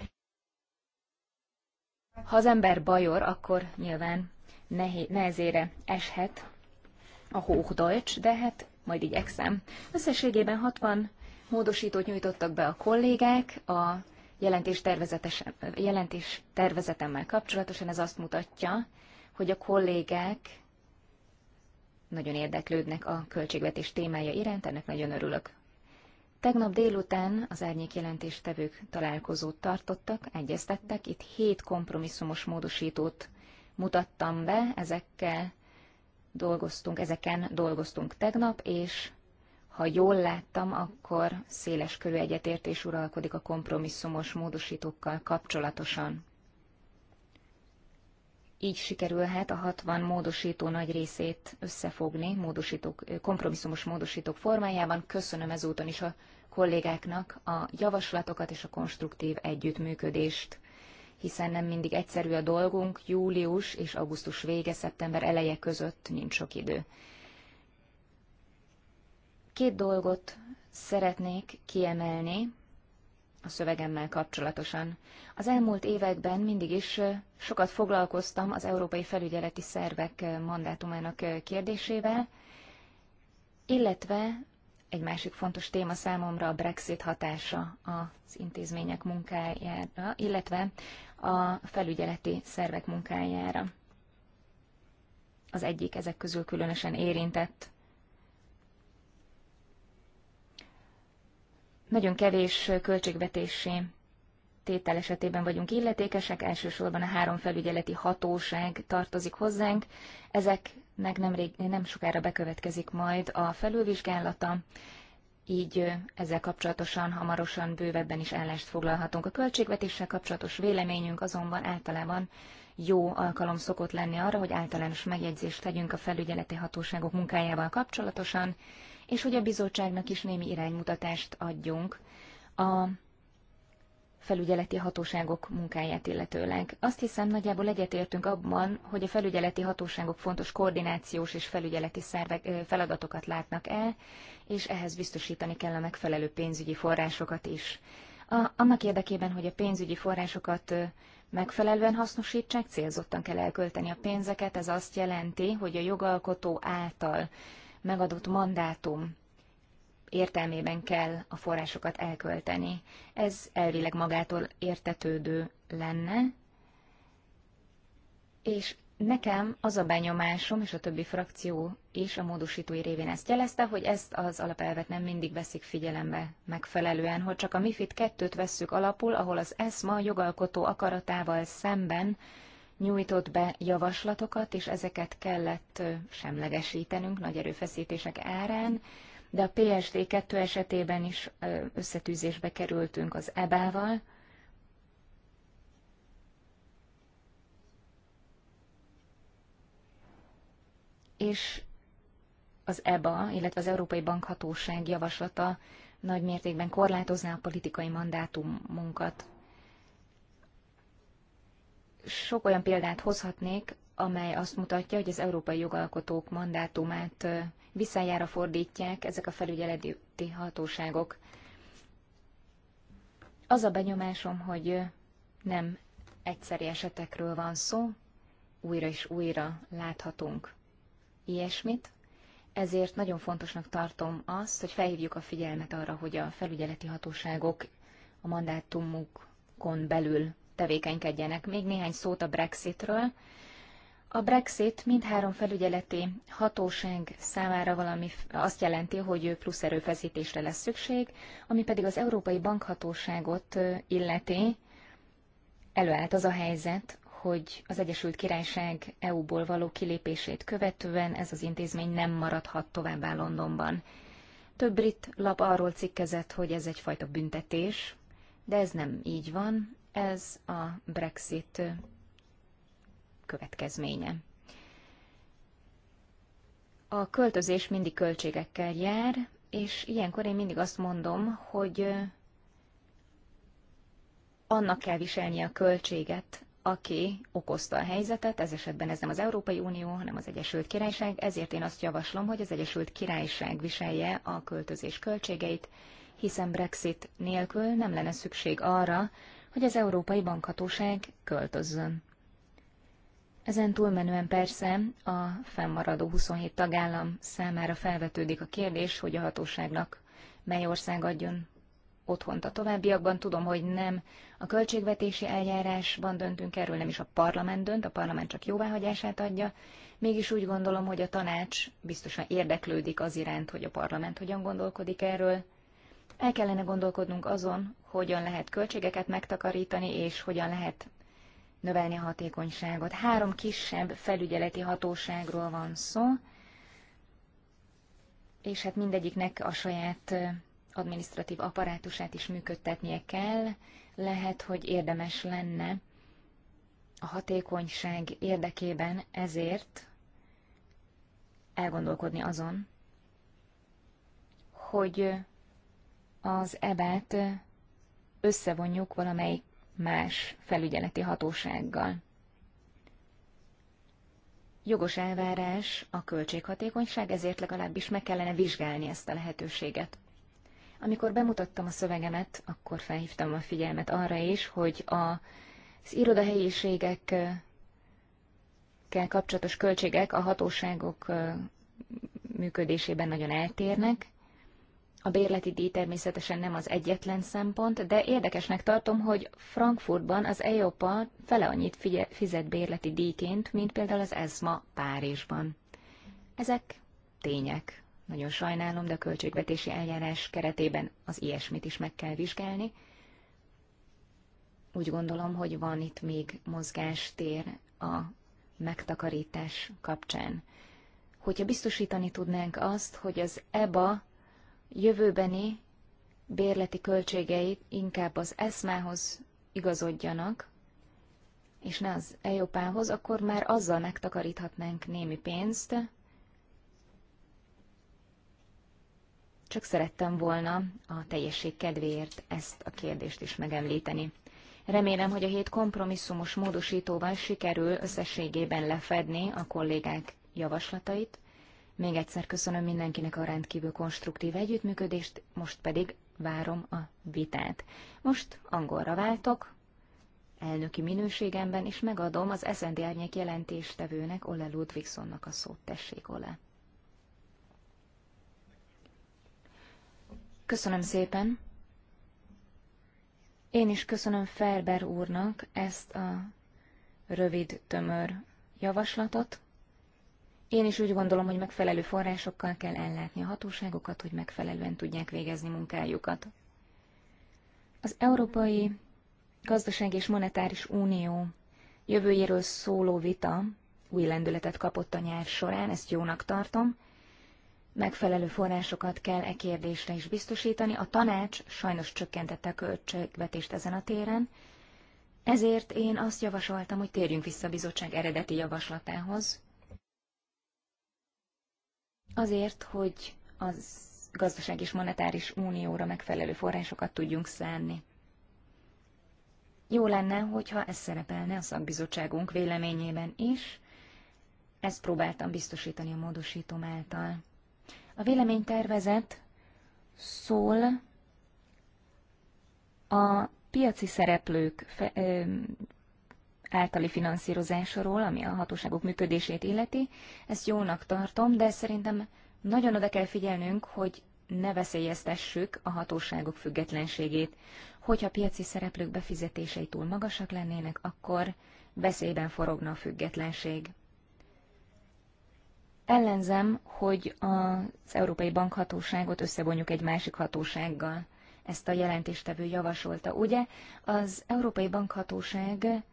Ha az ember bajor, akkor nyilván nehezére eshet a Hochdeutsch, de hát majd igyekszem. Összességében 60 módosítót nyújtottak be a kollégák a jelentés, jelentés tervezetemmel kapcsolatosan. Ez azt mutatja, hogy a kollégák nagyon érdeklődnek a költségvetés témája iránt, ennek nagyon örülök. Tegnap délután az árnyék jelentéstevők találkozót tartottak, egyeztettek, itt hét kompromisszumos módosítót mutattam be, ezekkel dolgoztunk, ezeken dolgoztunk tegnap, és ha jól láttam, akkor széles körű egyetértés uralkodik a kompromisszumos módosítókkal kapcsolatosan. Így sikerülhet a 60 módosító nagy részét összefogni módosítók, kompromisszumos módosítók formájában. Köszönöm ezúton is a kollégáknak a javaslatokat és a konstruktív együttműködést, hiszen nem mindig egyszerű a dolgunk, július és augusztus vége, szeptember eleje között nincs sok idő. Két dolgot szeretnék kiemelni a szövegemmel kapcsolatosan. Az elmúlt években mindig is sokat foglalkoztam az európai felügyeleti szervek mandátumának kérdésével, illetve egy másik fontos téma számomra a Brexit hatása az intézmények munkájára, illetve a felügyeleti szervek munkájára. Az egyik ezek közül különösen érintett. Nagyon kevés költségvetési tétel esetében vagyunk illetékesek, elsősorban a három felügyeleti hatóság tartozik hozzánk. Ezek nem, rég, nem sokára bekövetkezik majd a felülvizsgálata, így ezzel kapcsolatosan hamarosan bővebben is állást foglalhatunk. A költségvetéssel kapcsolatos véleményünk azonban általában jó alkalom szokott lenni arra, hogy általános megjegyzést tegyünk a felügyeleti hatóságok munkájával kapcsolatosan, és hogy a bizottságnak is némi iránymutatást adjunk. A felügyeleti hatóságok munkáját illetőleg. Azt hiszem, nagyjából egyetértünk abban, hogy a felügyeleti hatóságok fontos koordinációs és felügyeleti szervek, feladatokat látnak el, és ehhez biztosítani kell a megfelelő pénzügyi forrásokat is. A, annak érdekében, hogy a pénzügyi forrásokat megfelelően hasznosítsák, célzottan kell elkölteni a pénzeket, ez azt jelenti, hogy a jogalkotó által megadott mandátum értelmében kell a forrásokat elkölteni. Ez elvileg magától értetődő lenne, és nekem az a benyomásom, és a többi frakció is a módosítói révén ezt jelezte, hogy ezt az alapelvet nem mindig veszik figyelembe megfelelően, hogy csak a MIFID 2-t vesszük alapul, ahol az ESMA jogalkotó akaratával szemben nyújtott be javaslatokat, és ezeket kellett semlegesítenünk nagy erőfeszítések árán, de a PSD2 esetében is összetűzésbe kerültünk az EBA-val. És az EBA, illetve az Európai Bankhatóság javaslata nagy mértékben korlátozná a politikai mandátumunkat. Sok olyan példát hozhatnék, amely azt mutatja, hogy az európai jogalkotók mandátumát visszájára fordítják ezek a felügyeleti hatóságok. Az a benyomásom, hogy nem egyszeri esetekről van szó, újra és újra láthatunk ilyesmit, ezért nagyon fontosnak tartom azt, hogy felhívjuk a figyelmet arra, hogy a felügyeleti hatóságok a mandátumukon belül tevékenykedjenek. Még néhány szót a Brexitről. A Brexit mindhárom felügyeleti hatóság számára valami azt jelenti, hogy plusz erőfeszítésre lesz szükség, ami pedig az Európai Bankhatóságot illeti. Előállt az a helyzet, hogy az Egyesült Királyság EU-ból való kilépését követően ez az intézmény nem maradhat továbbá Londonban. Több brit lap arról cikkezett, hogy ez egyfajta büntetés, de ez nem így van. Ez a Brexit következménye. A költözés mindig költségekkel jár, és ilyenkor én mindig azt mondom, hogy annak kell viselni a költséget, aki okozta a helyzetet, ez esetben ez nem az Európai Unió, hanem az Egyesült Királyság, ezért én azt javaslom, hogy az Egyesült Királyság viselje a költözés költségeit, hiszen Brexit nélkül nem lenne szükség arra, hogy az Európai Bankhatóság költözzön. Ezen túlmenően persze a fennmaradó 27 tagállam számára felvetődik a kérdés, hogy a hatóságnak mely ország adjon otthont a továbbiakban. Tudom, hogy nem a költségvetési eljárásban döntünk erről, nem is a parlament dönt, a parlament csak jóváhagyását adja. Mégis úgy gondolom, hogy a tanács biztosan érdeklődik az iránt, hogy a parlament hogyan gondolkodik erről. El kellene gondolkodnunk azon, hogyan lehet költségeket megtakarítani, és hogyan lehet növelni a hatékonyságot. Három kisebb felügyeleti hatóságról van szó, és hát mindegyiknek a saját administratív apparátusát is működtetnie kell. Lehet, hogy érdemes lenne a hatékonyság érdekében ezért elgondolkodni azon, hogy az ebet összevonjuk valamelyik más felügyeleti hatósággal. Jogos elvárás a költséghatékonyság, ezért legalábbis meg kellene vizsgálni ezt a lehetőséget. Amikor bemutattam a szövegemet, akkor felhívtam a figyelmet arra is, hogy a, az irodahelyiségekkel kapcsolatos költségek a hatóságok működésében nagyon eltérnek, a bérleti díj természetesen nem az egyetlen szempont, de érdekesnek tartom, hogy Frankfurtban az EOPA fele annyit figye- fizet bérleti díjként, mint például az ESMA Párizsban. Ezek tények. Nagyon sajnálom, de a költségvetési eljárás keretében az ilyesmit is meg kell vizsgálni. Úgy gondolom, hogy van itt még mozgástér a megtakarítás kapcsán. Hogyha biztosítani tudnánk azt, hogy az EBA jövőbeni bérleti költségeit inkább az eszmához igazodjanak, és ne az EIOPához, akkor már azzal megtakaríthatnánk némi pénzt. Csak szerettem volna a teljesség kedvéért ezt a kérdést is megemlíteni. Remélem, hogy a hét kompromisszumos módosítóval sikerül összességében lefedni a kollégák javaslatait, még egyszer köszönöm mindenkinek a rendkívül konstruktív együttműködést, most pedig várom a vitát. Most angolra váltok, elnöki minőségemben, és megadom az SZND árnyék jelentéstevőnek Ole Ludvigsonnak a szót. Tessék, Ole! Köszönöm szépen! Én is köszönöm Ferber úrnak ezt a rövid, tömör javaslatot. Én is úgy gondolom, hogy megfelelő forrásokkal kell ellátni a hatóságokat, hogy megfelelően tudják végezni munkájukat. Az Európai Gazdaság és Monetáris Unió jövőjéről szóló vita új lendületet kapott a nyár során, ezt jónak tartom. Megfelelő forrásokat kell e kérdésre is biztosítani. A tanács sajnos csökkentette a költségvetést ezen a téren, ezért én azt javasoltam, hogy térjünk vissza a bizottság eredeti javaslatához, azért, hogy az gazdaság és monetáris unióra megfelelő forrásokat tudjunk szánni. Jó lenne, hogyha ez szerepelne a szakbizottságunk véleményében is, ezt próbáltam biztosítani a módosítom által. A véleménytervezet szól a piaci szereplők általi finanszírozásról, ami a hatóságok működését illeti. Ezt jónak tartom, de szerintem nagyon oda kell figyelnünk, hogy ne veszélyeztessük a hatóságok függetlenségét. Hogyha piaci szereplők befizetései túl magasak lennének, akkor veszélyben forogna a függetlenség. Ellenzem, hogy az Európai Bankhatóságot összevonjuk egy másik hatósággal. Ezt a jelentéstevő javasolta. Ugye az Európai Bankhatóság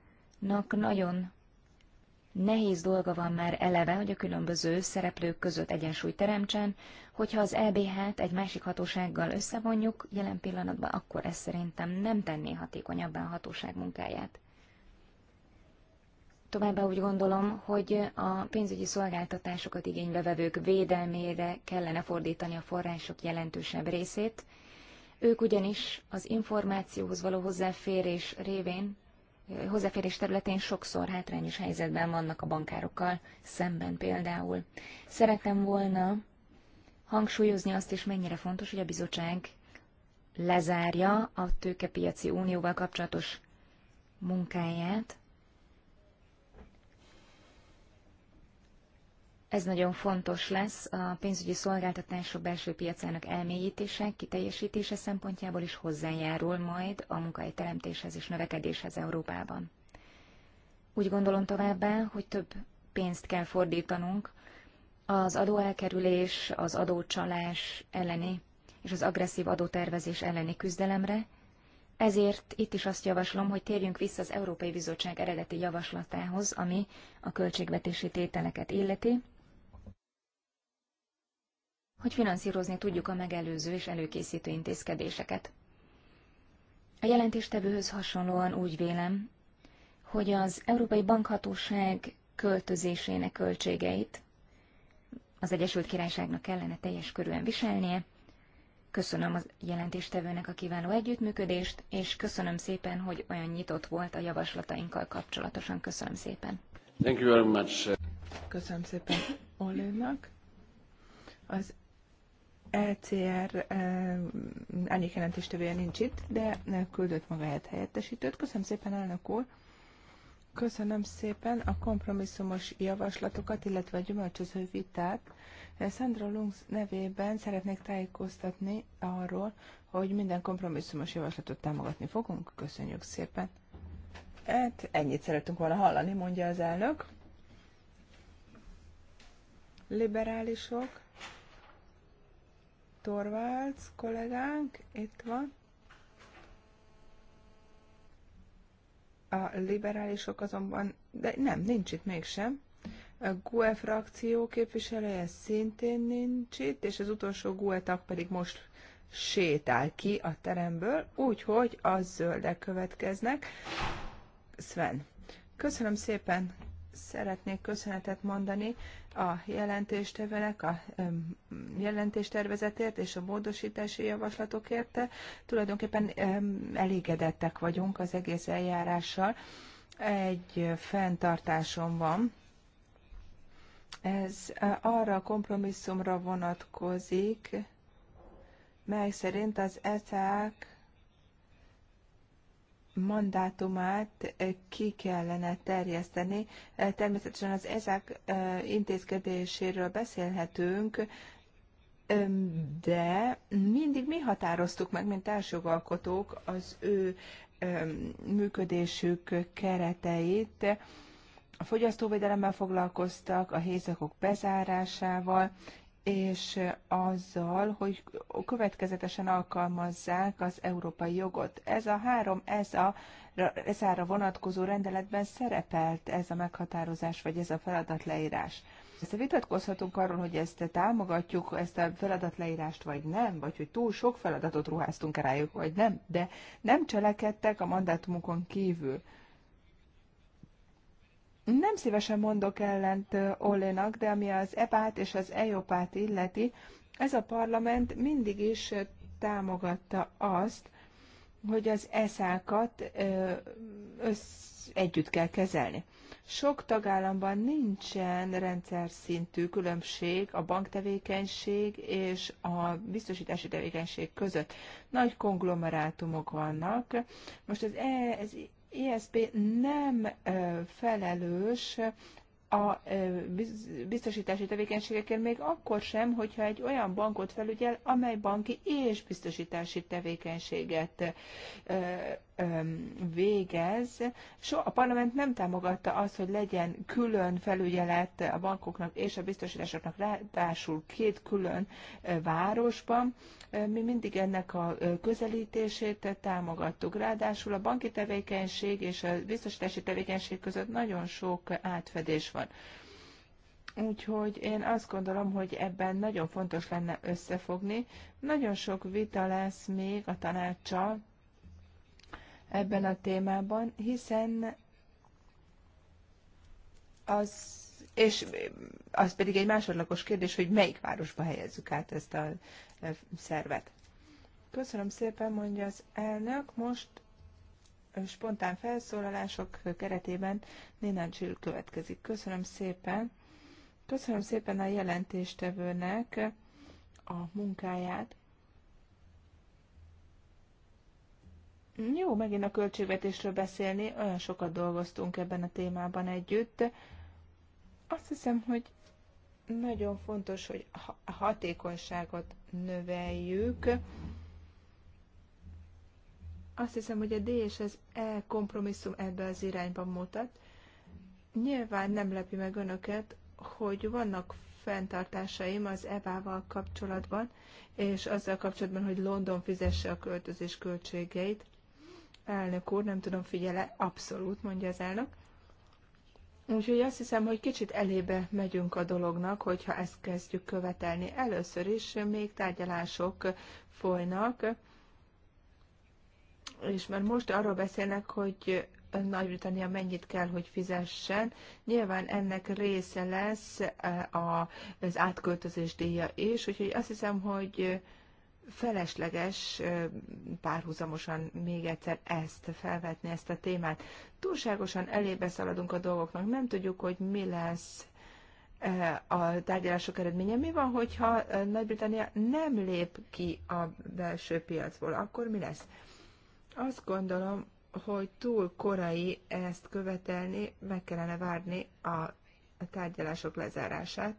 Nak nagyon nehéz dolga van már eleve, hogy a különböző szereplők között egyensúly teremtsen, hogyha az EBH-t egy másik hatósággal összevonjuk, jelen pillanatban akkor ez szerintem nem tenné hatékonyabbá a hatóság munkáját. Továbbá úgy gondolom, hogy a pénzügyi szolgáltatásokat igénybe vevők védelmére kellene fordítani a források jelentősebb részét. Ők ugyanis az információhoz való hozzáférés révén hozzáférés területén sokszor hátrányos helyzetben vannak a bankárokkal szemben például. Szeretem volna hangsúlyozni azt is, mennyire fontos, hogy a bizottság lezárja a tőkepiaci unióval kapcsolatos munkáját, Ez nagyon fontos lesz a pénzügyi szolgáltatások belső piacának elmélyítése, kiteljesítése szempontjából is hozzájárul majd a teremtéshez és növekedéshez Európában. Úgy gondolom továbbá, hogy több pénzt kell fordítanunk az adóelkerülés, az adócsalás elleni és az agresszív adótervezés elleni küzdelemre, ezért itt is azt javaslom, hogy térjünk vissza az Európai Bizottság eredeti javaslatához, ami a költségvetési tételeket illeti hogy finanszírozni tudjuk a megelőző és előkészítő intézkedéseket. A jelentéstevőhöz hasonlóan úgy vélem, hogy az Európai Bankhatóság költözésének költségeit az Egyesült Királyságnak kellene teljes körűen viselnie. Köszönöm a jelentéstevőnek a kiváló együttműködést, és köszönöm szépen, hogy olyan nyitott volt a javaslatainkkal kapcsolatosan. Köszönöm szépen. Thank you very much. Köszönöm szépen Olénak. Az ECR elég jelentéstevője nincs itt, de küldött helyet helyettesítőt. Köszönöm szépen, elnök úr! Köszönöm szépen a kompromisszumos javaslatokat, illetve a gyümölcsöző vitát. Sandra Lungs nevében szeretnék tájékoztatni arról, hogy minden kompromisszumos javaslatot támogatni fogunk. Köszönjük szépen. Hát ennyit szerettünk volna hallani, mondja az elnök. Liberálisok. Torvalds kollégánk, itt van. A liberálisok azonban, de nem, nincs itt mégsem. A GUE frakció képviselője szintén nincs itt, és az utolsó GUE tag pedig most sétál ki a teremből, úgyhogy a zöldek következnek. Sven, köszönöm szépen, szeretnék köszönetet mondani a jelentéstevelek, a jelentéstervezetért és a módosítási javaslatokért. Tulajdonképpen elégedettek vagyunk az egész eljárással. Egy fenntartásom van. Ez e, arra a kompromisszumra vonatkozik, mely szerint az ETA-k mandátumát eh, ki kellene terjeszteni. Eh, természetesen az ezek eh, intézkedéséről beszélhetünk, de mindig mi határoztuk meg, mint társjogalkotók, az ő működésük kereteit. A fogyasztóvédelemmel foglalkoztak, a hézakok bezárásával, és azzal, hogy következetesen alkalmazzák az európai jogot. Ez a három, ez a ez vonatkozó rendeletben szerepelt ez a meghatározás, vagy ez a feladatleírás. Ezt vitatkozhatunk arról, hogy ezt támogatjuk, ezt a feladatleírást, vagy nem, vagy hogy túl sok feladatot ruháztunk rájuk, vagy nem, de nem cselekedtek a mandátumokon kívül. Nem szívesen mondok ellent Olénak, de ami az EPÁT és az EOPÁT illeti, ez a parlament mindig is támogatta azt, hogy az eszákat együtt kell kezelni. Sok tagállamban nincsen rendszer szintű különbség a banktevékenység és a biztosítási tevékenység között. Nagy konglomerátumok vannak. Most az, e, az ISP nem felelős a biztosítási tevékenységekért még akkor sem, hogyha egy olyan bankot felügyel, amely banki és biztosítási tevékenységet végez. So, a parlament nem támogatta azt, hogy legyen külön felügyelet a bankoknak és a biztosításoknak, ráadásul két külön városban. Mi mindig ennek a közelítését támogattuk. Ráadásul a banki tevékenység és a biztosítási tevékenység között nagyon sok átfedés van. Úgyhogy én azt gondolom, hogy ebben nagyon fontos lenne összefogni. Nagyon sok vita lesz még a tanácsa ebben a témában, hiszen az, és az pedig egy másodlagos kérdés, hogy melyik városba helyezzük át ezt a e, szervet. Köszönöm szépen, mondja az elnök. Most spontán felszólalások keretében Nina Csill következik. Köszönöm szépen. Köszönöm szépen a jelentéstevőnek a munkáját. Jó, megint a költségvetésről beszélni, olyan sokat dolgoztunk ebben a témában együtt. Azt hiszem, hogy nagyon fontos, hogy a hatékonyságot növeljük. Azt hiszem, hogy a D és az E kompromisszum ebbe az irányba mutat. Nyilván nem lepi meg önöket, hogy vannak fenntartásaim az EVA-val kapcsolatban, és azzal kapcsolatban, hogy London fizesse a költözés költségeit. Elnök úr, nem tudom, figyele, abszolút, mondja az elnök. Úgyhogy azt hiszem, hogy kicsit elébe megyünk a dolognak, hogyha ezt kezdjük követelni. Először is még tárgyalások folynak, és már most arról beszélnek, hogy nagy-Britannia mennyit kell, hogy fizessen. Nyilván ennek része lesz eh, az átköltözés díja is, úgyhogy azt hiszem, hogy felesleges párhuzamosan még egyszer ezt felvetni, ezt a témát. Túlságosan elébe szaladunk a dolgoknak, nem tudjuk, hogy mi lesz a tárgyalások eredménye. Mi van, hogyha Nagy-Britannia nem lép ki a belső piacból, akkor mi lesz? Azt gondolom, hogy túl korai ezt követelni, meg kellene várni a tárgyalások lezárását,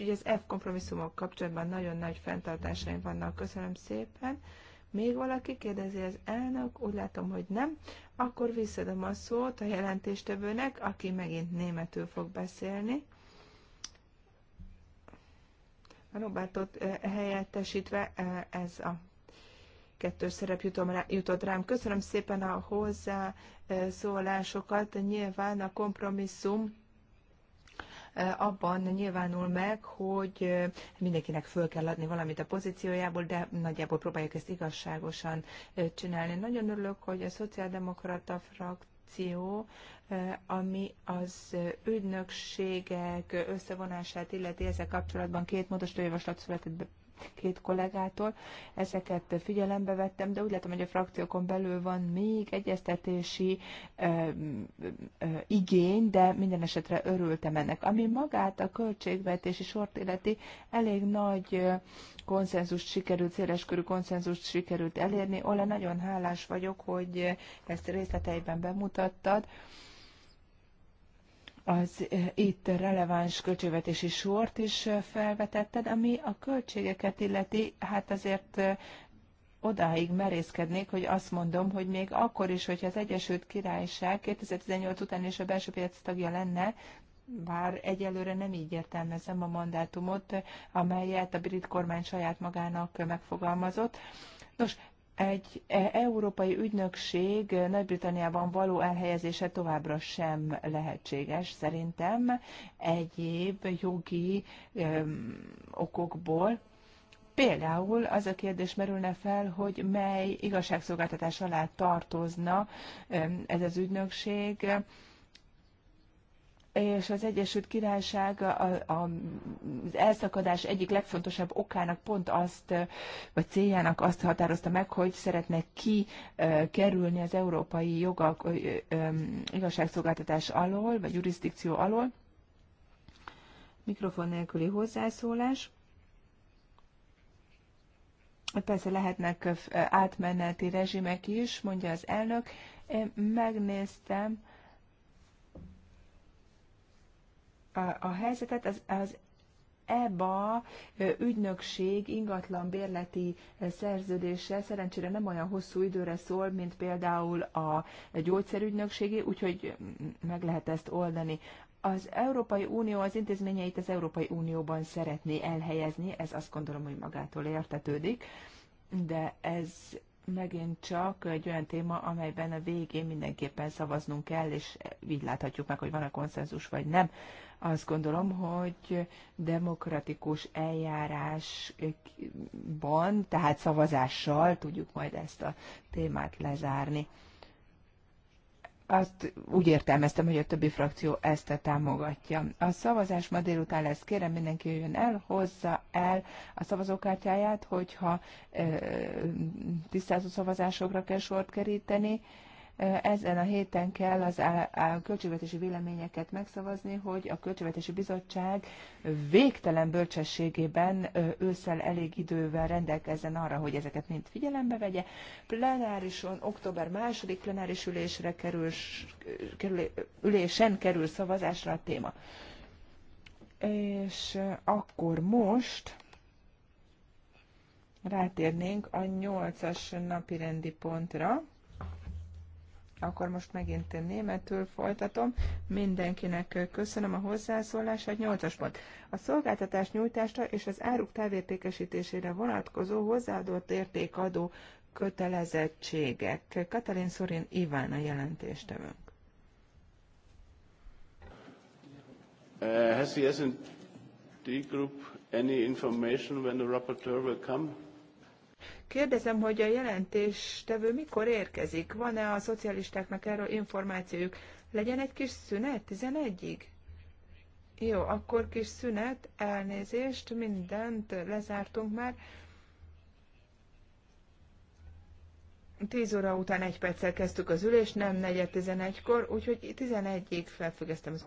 Úgyhogy az F kompromisszumok kapcsolatban nagyon nagy fenntartásaim vannak. Köszönöm szépen. Még valaki kérdezi az elnök, úgy látom, hogy nem. Akkor visszadom a szót a jelentéstevőnek, aki megint németül fog beszélni. A Robertot eh, helyettesítve eh, ez a kettős szerep jutott rám. Köszönöm szépen a hozzászólásokat. Eh, Nyilván a kompromisszum abban nyilvánul meg, hogy mindenkinek föl kell adni valamit a pozíciójából, de nagyjából próbáljuk ezt igazságosan csinálni. Nagyon örülök, hogy a szociáldemokrata frakció ami az ügynökségek összevonását illeti ezzel kapcsolatban két módosítójavaslat született két kollégától. Ezeket figyelembe vettem, de úgy látom, hogy a frakciókon belül van még egyeztetési ö, ö, igény, de minden esetre örültem ennek. Ami magát a költségvetési sort illeti, elég nagy konszenzust sikerült, széleskörű konszenzust sikerült elérni. Ola, nagyon hálás vagyok, hogy ezt részleteiben bemutattad az eh, itt releváns költségvetési sort is eh, felvetetted, ami a költségeket illeti, hát azért eh, odáig merészkednék, hogy azt mondom, hogy még akkor is, hogyha az Egyesült Királyság 2018 után is a belső piac tagja lenne, bár egyelőre nem így értelmezem a mandátumot, amelyet a brit kormány saját magának megfogalmazott. Nos, egy e, európai ügynökség Nagy-Britanniában való elhelyezése továbbra sem lehetséges, szerintem egyéb jogi öm, e, okokból. Például az a kérdés merülne fel, hogy mely igazságszolgáltatás alá tartozna e, ez az ügynökség, és az Egyesült Királyság a, az elszakadás egyik legfontosabb okának pont azt, vagy céljának azt határozta meg, hogy szeretne kikerülni az európai jogak, igazságszolgáltatás alól, vagy jurisdikció alól. Mikrofon nélküli hozzászólás. Persze lehetnek átmeneti rezsimek is, mondja az elnök. Én megnéztem, a helyzetet, az, az e EBA ügynökség ingatlan bérleti szerződése szerencsére nem olyan hosszú időre szól, mint például a gyógyszerügynökségé, úgyhogy meg lehet ezt oldani. Az Európai Unió az intézményeit az Európai Unióban szeretné elhelyezni, ez azt gondolom, hogy magától értetődik, de ez megint csak egy olyan téma, amelyben a végén mindenképpen szavaznunk kell, és így láthatjuk meg, hogy van-e konszenzus vagy nem. Azt gondolom, hogy demokratikus eljárásban, tehát szavazással tudjuk majd ezt a témát lezárni azt úgy értelmeztem, hogy a többi frakció ezt támogatja. A szavazás ma délután lesz. Kérem mindenki jöjjön el, hozza el a szavazókártyáját, hogyha tisztázó szavazásokra kell sort keríteni. Ezen a héten kell az a költségvetési véleményeket megszavazni, hogy a Költségvetési Bizottság végtelen bölcsességében ősszel elég idővel rendelkezzen arra, hogy ezeket mind figyelembe vegye. Plenárison, október második plenáris ülésre kerül, kerül, ülésen kerül szavazásra a téma. És akkor most rátérnénk a nyolcas napi rendi pontra. Akkor most megint én németül folytatom. Mindenkinek köszönöm a hozzászólását. Nyolcas pont. A szolgáltatás nyújtásra és az áruk távértékesítésére vonatkozó hozzáadott értékadó kötelezettségek. Katalin Szorin Iván a jelentéstevőnk. Uh, has the S&D group any information when the rapporteur will come? Kérdezem, hogy a jelentéstevő mikor érkezik? Van-e a szocialistáknak erről információjuk? Legyen egy kis szünet 11-ig? Jó, akkor kis szünet, elnézést, mindent lezártunk már. 10 óra után egy perccel kezdtük az ülést, nem 4.11-kor, úgyhogy 11-ig felfüggesztem az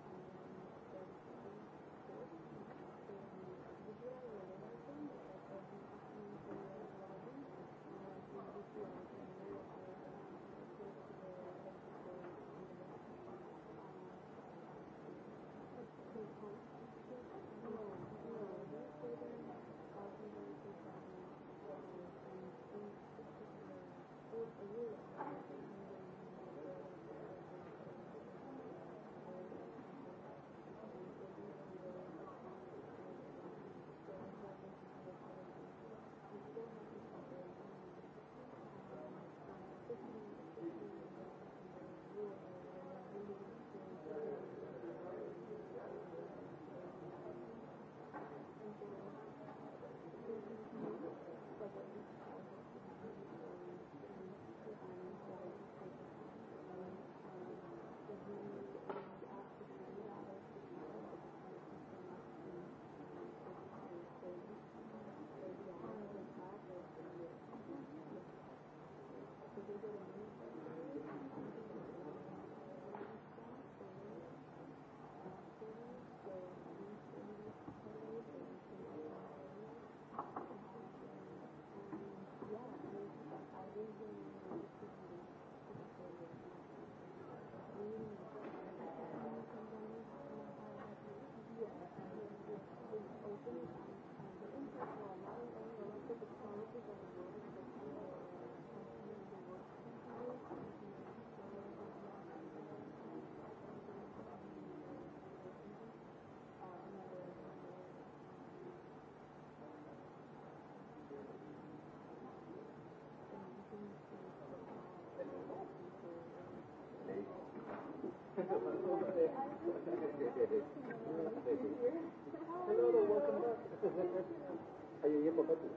Hello, welcome back. А я ем богатую.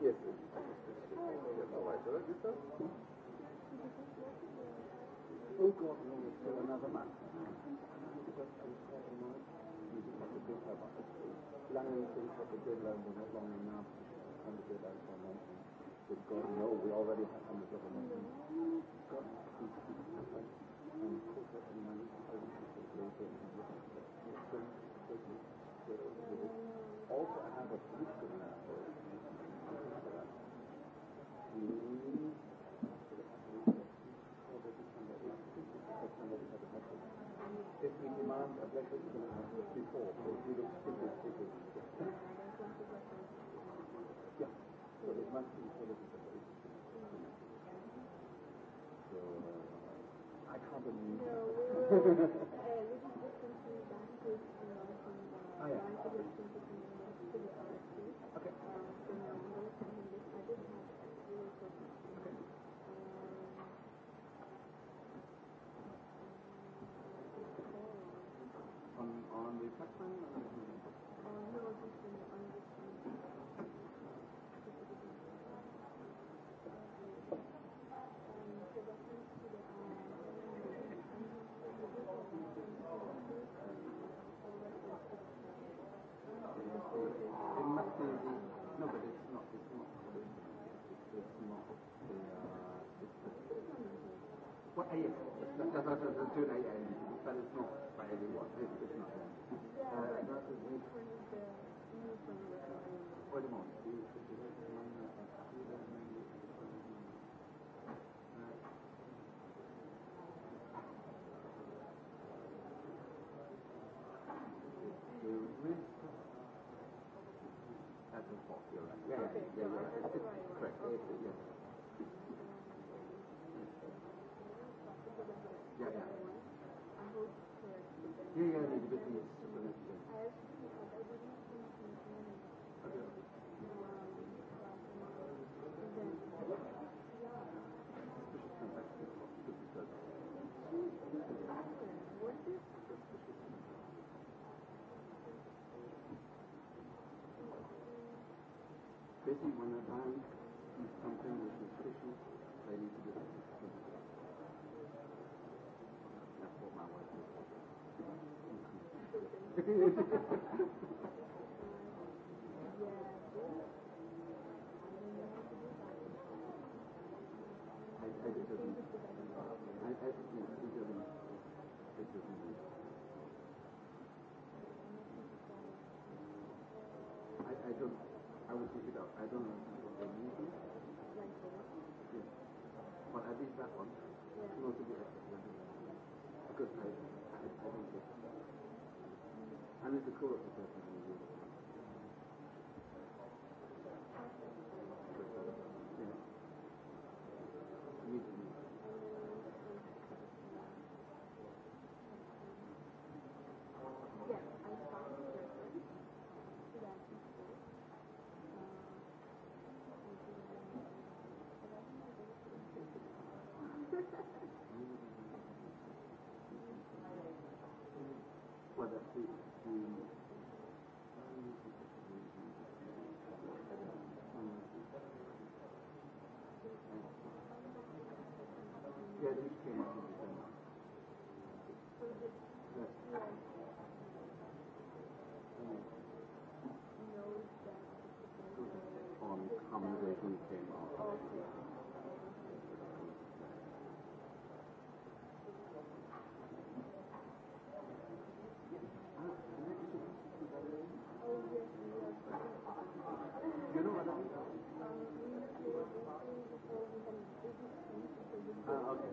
Yes. Давай, давай, где-то. Oh God, no, it's still another man. Lange since had the deadline was not long enough on the deadline for a month. But God, no, we already have on the government. God, and corporate money, I want to take later and also have a police command Well, yes, that, that, that, that, that, that, that, that, that, it's not Yeah, uh, like, I don't know the meeting. Yes. But I did that one. Yeah. You to be Because I, I, I don't get it. And it's a cool of the person. Ah, okay.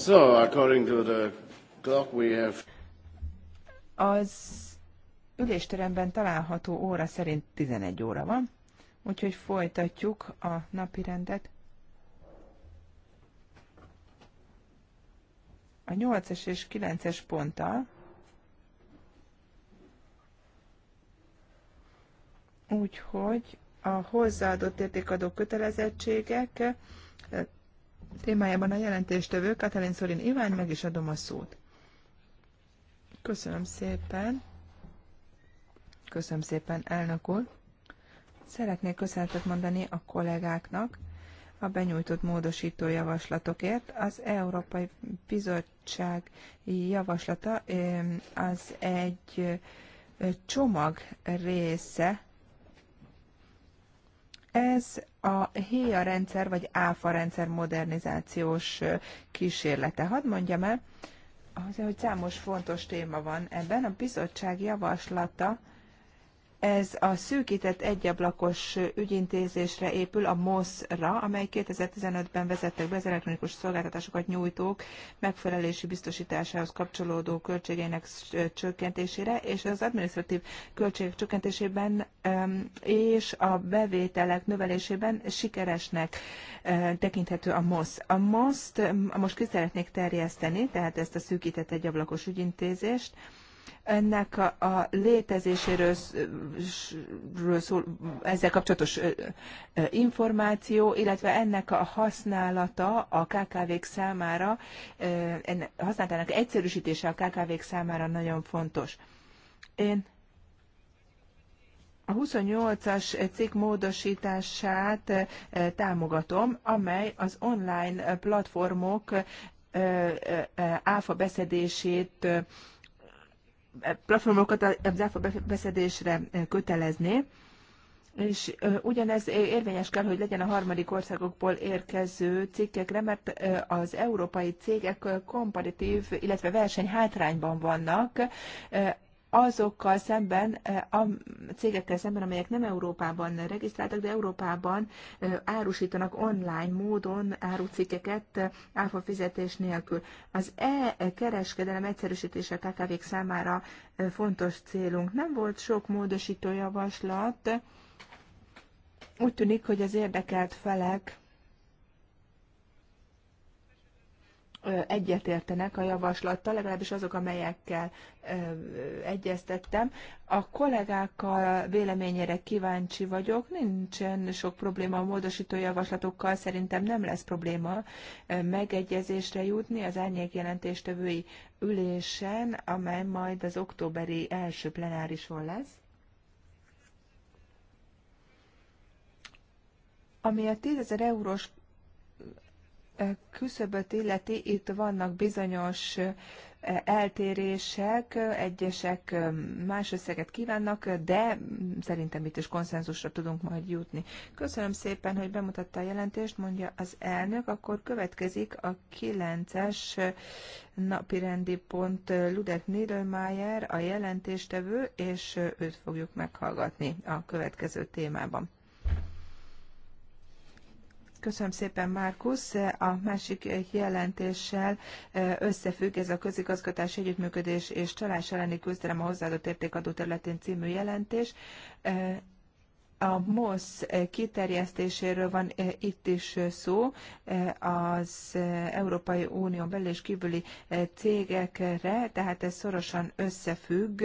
So, according to the clock we have... Az ülésteremben található óra szerint 11 óra van, úgyhogy folytatjuk a napi rendet. A 8-es és 9-es ponttal úgyhogy a hozzáadott értékadó kötelezettségek témájában a jelentéstevő Katalin Szorin Iván, meg is adom a szót. Köszönöm szépen. Köszönöm szépen, elnök úr. Szeretnék köszönetet mondani a kollégáknak a benyújtott módosító javaslatokért. Az Európai Bizottság javaslata az egy csomag része ez a HIA rendszer vagy ÁFA rendszer modernizációs kísérlete. Hadd mondjam el, hogy számos fontos téma van ebben. A bizottság javaslata ez a szűkített egyablakos ügyintézésre épül a MOSZ-ra, amely 2015-ben vezettek be az elektronikus szolgáltatásokat nyújtók megfelelési biztosításához kapcsolódó költségeinek csökkentésére, és az administratív költségek csökkentésében és a bevételek növelésében sikeresnek tekinthető a MOSZ. A MOSZ-t most ki szeretnék terjeszteni, tehát ezt a szűkített egyablakos ügyintézést, ennek a, a létezéséről szól, ezzel kapcsolatos információ, illetve ennek a használata a KKV-k számára, ennek, használatának egyszerűsítése a KKV-k számára nagyon fontos. Én a 28-as cikk módosítását támogatom, amely az online platformok áfa beszedését platformokat az áfa beszedésre kötelezné, és ugyanez érvényes kell, hogy legyen a harmadik országokból érkező cikkekre, mert az európai cégek komparatív, illetve verseny hátrányban vannak azokkal szemben, eh, a cégekkel szemben, amelyek nem Európában regisztráltak, de Európában eh, árusítanak online módon árucikkeket eh, áfa fizetés nélkül. Az e-kereskedelem egyszerűsítése kkv számára fontos célunk. Nem volt sok módosító javaslat, úgy tűnik, hogy az érdekelt felek egyetértenek a javaslattal, legalábbis azok, amelyekkel egyeztettem. A kollégákkal véleményére kíváncsi vagyok, nincsen sok probléma a módosító javaslatokkal, szerintem nem lesz probléma megegyezésre jutni az árnyék jelentéstevői ülésen, amely majd az októberi első plenárison lesz. Ami a 10.000 eurós küszöböt illeti, itt vannak bizonyos eltérések, egyesek más összeget kívánnak, de szerintem itt is konszenzusra tudunk majd jutni. Köszönöm szépen, hogy bemutatta a jelentést, mondja az elnök, akkor következik a 9-es napirendi pont Ludek Niedermayer, a jelentéstevő, és őt fogjuk meghallgatni a következő témában. Köszönöm szépen, Márkusz. A másik jelentéssel összefügg ez a közigazgatás együttműködés és csalás elleni küzdelem a hozzáadott értékadó területén című jelentés. A MOSZ kiterjesztéséről van itt is szó az Európai Unión belül és kívüli cégekre, tehát ez szorosan összefügg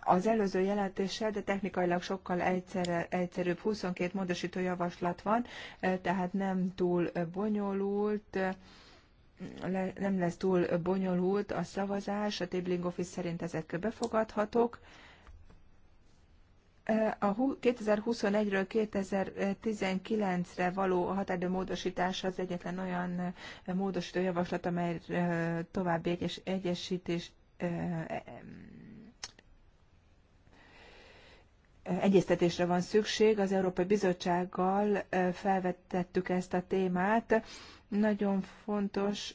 az előző jelentéssel, de technikailag sokkal egyszer, egyszerűbb, 22 módosító javaslat van, tehát nem túl bonyolult, le, nem lesz túl bonyolult a szavazás, a Tabling Office szerint ezek befogadhatók. A 2021-ről 2019-re való határidő módosítás az egyetlen olyan módosító javaslat, amely további egyes, egyesítés e, egyeztetésre van szükség. Az Európai Bizottsággal felvetettük ezt a témát. Nagyon fontos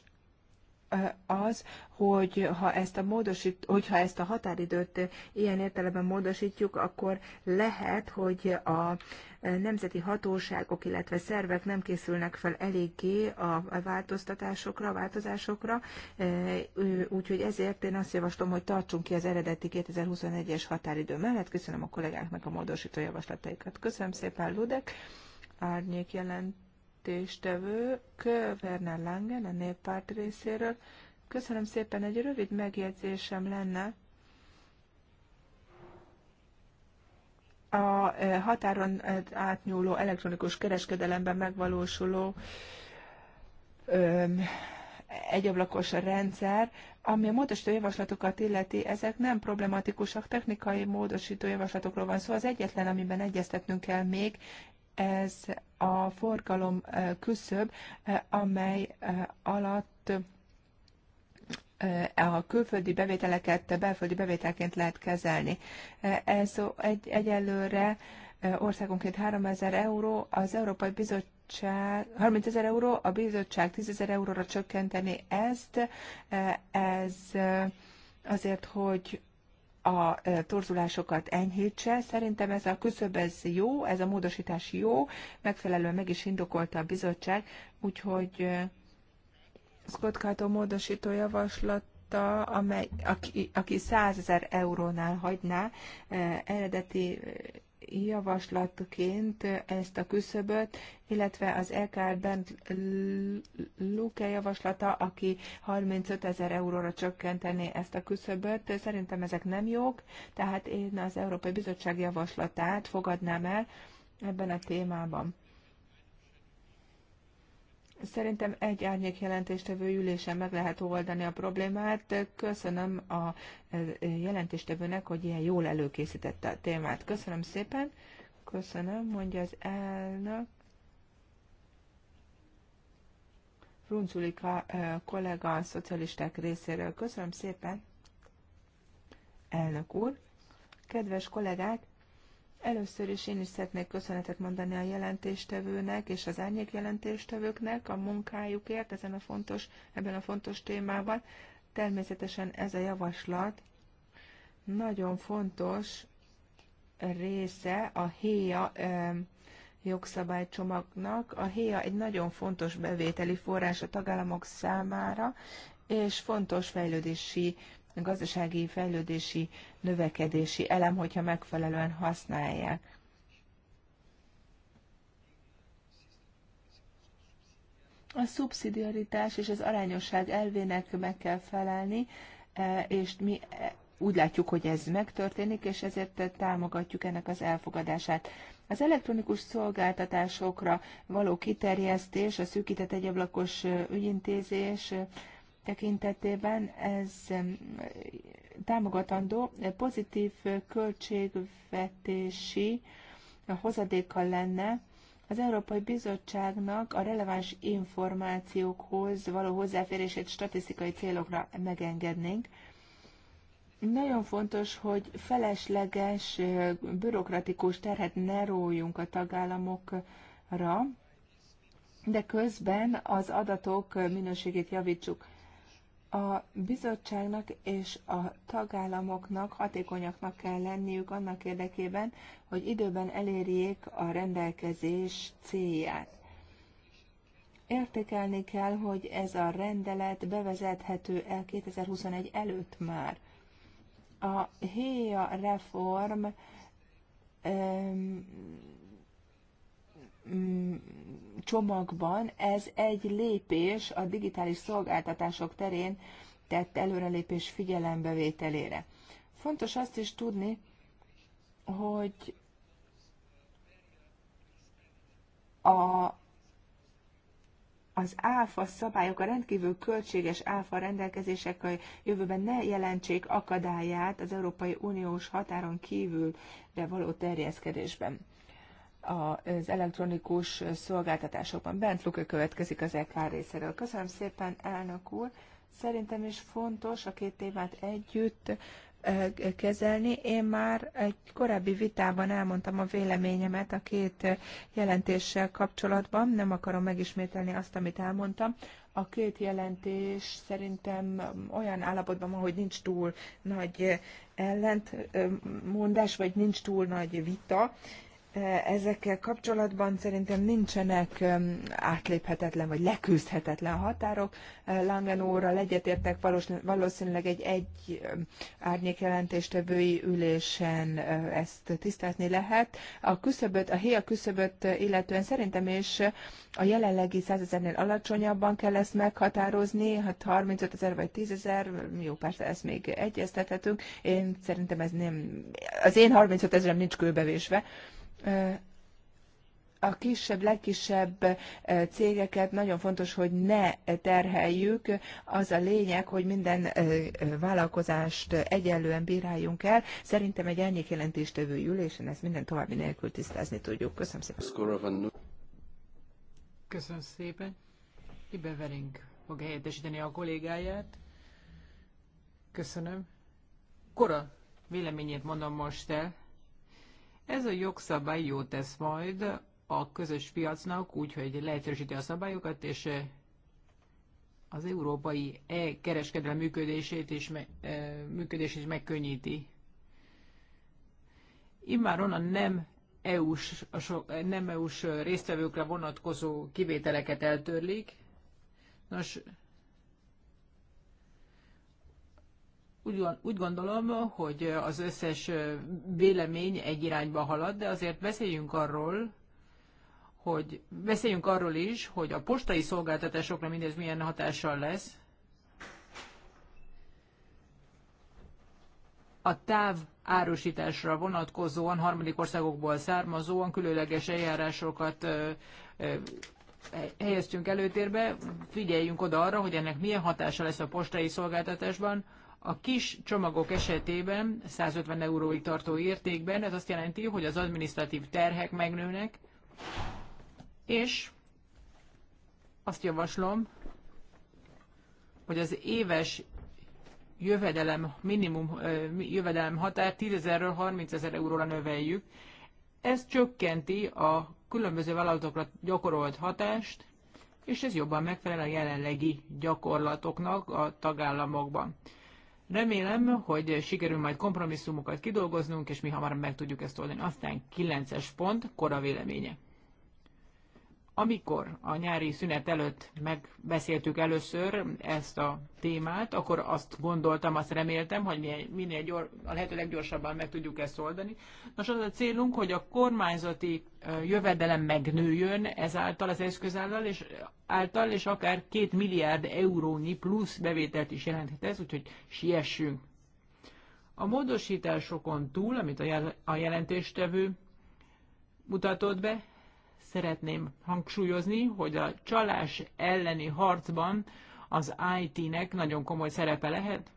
az, hogy ha ezt a módosít, hogyha ezt a határidőt ilyen értelemben módosítjuk, akkor lehet, hogy a nemzeti hatóságok, illetve szervek nem készülnek fel eléggé a változtatásokra, a változásokra, e, úgyhogy ezért én azt javaslom, hogy tartsunk ki az eredeti 2021-es határidő mellett. Köszönöm a kollégáknak a módosító javaslataikat. Köszönöm szépen, Ludek. Árnyék jelentéstevő, Werner Langen a néppárt részéről. Köszönöm szépen, egy rövid megjegyzésem lenne a e, határon átnyúló elektronikus kereskedelemben megvalósuló egyablakos rendszer, ami a módosító javaslatokat illeti, ezek nem problematikusak, technikai módosító javaslatokról van szó. Szóval az egyetlen, amiben egyeztetnünk kell még, ez a forgalom e, küszöb, e, amely alatt a külföldi bevételeket belföldi bevételként lehet kezelni. Ez egy, egyelőre országonként 3000 euró, az Európai Bizottság 30 ezer euró, a bizottság 10 ezer euróra csökkenteni ezt, ez azért, hogy a torzulásokat enyhítse. Szerintem ez a küszöb ez jó, ez a módosítás jó, megfelelően meg is indokolta a bizottság, úgyhogy Szkotkátó módosító javaslata, amely, aki, aki 100 ezer eurónál hagyná eh, eredeti eh, javaslatként ezt a küszöböt, illetve az LKR Bent Luke javaslata, aki 35 ezer euróra csökkenteni ezt a küszöböt. Szerintem ezek nem jók, tehát én az Európai Bizottság javaslatát fogadnám el ebben a témában. Szerintem egy árnyék jelentéstevő ülésen meg lehet oldani a problémát. Köszönöm a e, jelentéstevőnek, hogy ilyen jól előkészítette a témát. Köszönöm szépen. Köszönöm, mondja az elnök. Runculika e, kollega a szocialisták részéről. Köszönöm szépen, elnök úr. Kedves kollégák, Először is én is szeretnék köszönetet mondani a jelentéstevőnek és az árnyék jelentéstevőknek a munkájukért ezen a fontos, ebben a fontos témában. Természetesen ez a javaslat nagyon fontos része a HÉA jogszabálycsomagnak. A HÉA egy nagyon fontos bevételi forrás a tagállamok számára, és fontos fejlődési gazdasági fejlődési, növekedési elem, hogyha megfelelően használják. A szubszidiaritás és az arányosság elvének meg kell felelni, e, és mi e, úgy látjuk, hogy ez megtörténik, és ezért támogatjuk ennek az elfogadását. Az elektronikus szolgáltatásokra való kiterjesztés, a szűkített egyablakos ügyintézés, tekintetében ez támogatandó pozitív költségvetési hozadéka lenne az Európai Bizottságnak a releváns információkhoz való hozzáférését statisztikai célokra megengednénk. Nagyon fontos, hogy felesleges, bürokratikus terhet ne rójunk a tagállamokra, de közben az adatok minőségét javítsuk a bizottságnak és a tagállamoknak hatékonyaknak kell lenniük annak érdekében, hogy időben elérjék a rendelkezés célját. Értékelni kell, hogy ez a rendelet bevezethető el 2021 előtt már. A HÉA reform Mm, csomagban ez egy lépés a digitális szolgáltatások terén tett előrelépés figyelembevételére. Fontos azt is tudni, hogy a, az áfa szabályok, a rendkívül költséges áfa rendelkezések a jövőben ne jelentsék akadályát az Európai Uniós határon kívülre való terjeszkedésben az elektronikus szolgáltatásokban. Bent Luka következik az EKR részéről. Köszönöm szépen, elnök úr. Szerintem is fontos a két témát együtt kezelni. Én már egy korábbi vitában elmondtam a véleményemet a két jelentéssel kapcsolatban, nem akarom megismételni azt, amit elmondtam. A két jelentés szerintem olyan állapotban van, hogy nincs túl nagy ellentmondás, vagy nincs túl nagy vita, E, ezekkel kapcsolatban szerintem nincsenek átléphetetlen vagy leküzdhetetlen határok. E, Langen úrral egyetértek valószínűleg egy egy árnyékjelentéstevői ülésen e, ezt tisztázni lehet. A küszöböt, a héja küszöböt illetően szerintem is a jelenlegi 100 ezernél alacsonyabban kell ezt meghatározni, hát 35 ezer vagy 10 ezer, jó persze ezt még egyeztethetünk. Én szerintem ez nem, az én 35 ezerem nincs kőbevésve, a kisebb, legkisebb cégeket nagyon fontos, hogy ne terheljük. Az a lényeg, hogy minden vállalkozást egyenlően bíráljunk el. Szerintem egy árnyékjelentéstevő ülésen ezt minden további nélkül tisztázni tudjuk. Köszönöm szépen. Köszönöm szépen. Vering fog helyettesíteni a kollégáját. Köszönöm. Kora véleményét mondom most el. Ez a jogszabály jó tesz majd a közös piacnak, úgyhogy leegyszerűsíti a szabályokat, és eh, az európai e-kereskedelem működését is, eh, működését is megkönnyíti. Immáron a nem EU-s, eh, nem EU-s résztvevőkre vonatkozó kivételeket eltörlik. Nos, úgy, úgy gondolom, hogy az összes vélemény egy irányba halad, de azért beszéljünk arról, hogy beszéljünk arról is, hogy a postai szolgáltatásokra mindez milyen hatással lesz. A táv árusításra vonatkozóan harmadik országokból származóan különleges eljárásokat ö, ö, helyeztünk előtérbe. Figyeljünk oda arra, hogy ennek milyen hatása lesz a postai szolgáltatásban. A kis csomagok esetében 150 euróig tartó értékben ez azt jelenti, hogy az administratív terhek megnőnek, és azt javaslom, hogy az éves jövedelem, minimum jövedelem határ 10.000-ről 30.000 euróra növeljük. Ez csökkenti a különböző vállalatokra gyakorolt hatást, és ez jobban megfelel a jelenlegi gyakorlatoknak a tagállamokban. Remélem, hogy sikerül majd kompromisszumokat kidolgoznunk, és mi hamar meg tudjuk ezt oldani. Aztán 9-es pont, kora véleménye. Amikor a nyári szünet előtt megbeszéltük először ezt a témát, akkor azt gondoltam, azt reméltem, hogy minél gyor, a lehető leggyorsabban meg tudjuk ezt oldani. Nos, az a célunk, hogy a kormányzati jövedelem megnőjön ezáltal az eszközállal, és által, és akár két milliárd eurónyi plusz bevételt is jelenthet ez, úgyhogy siessünk. A módosításokon túl, amit a jelentéstevő mutatott be, szeretném hangsúlyozni, hogy a csalás elleni harcban az IT-nek nagyon komoly szerepe lehet.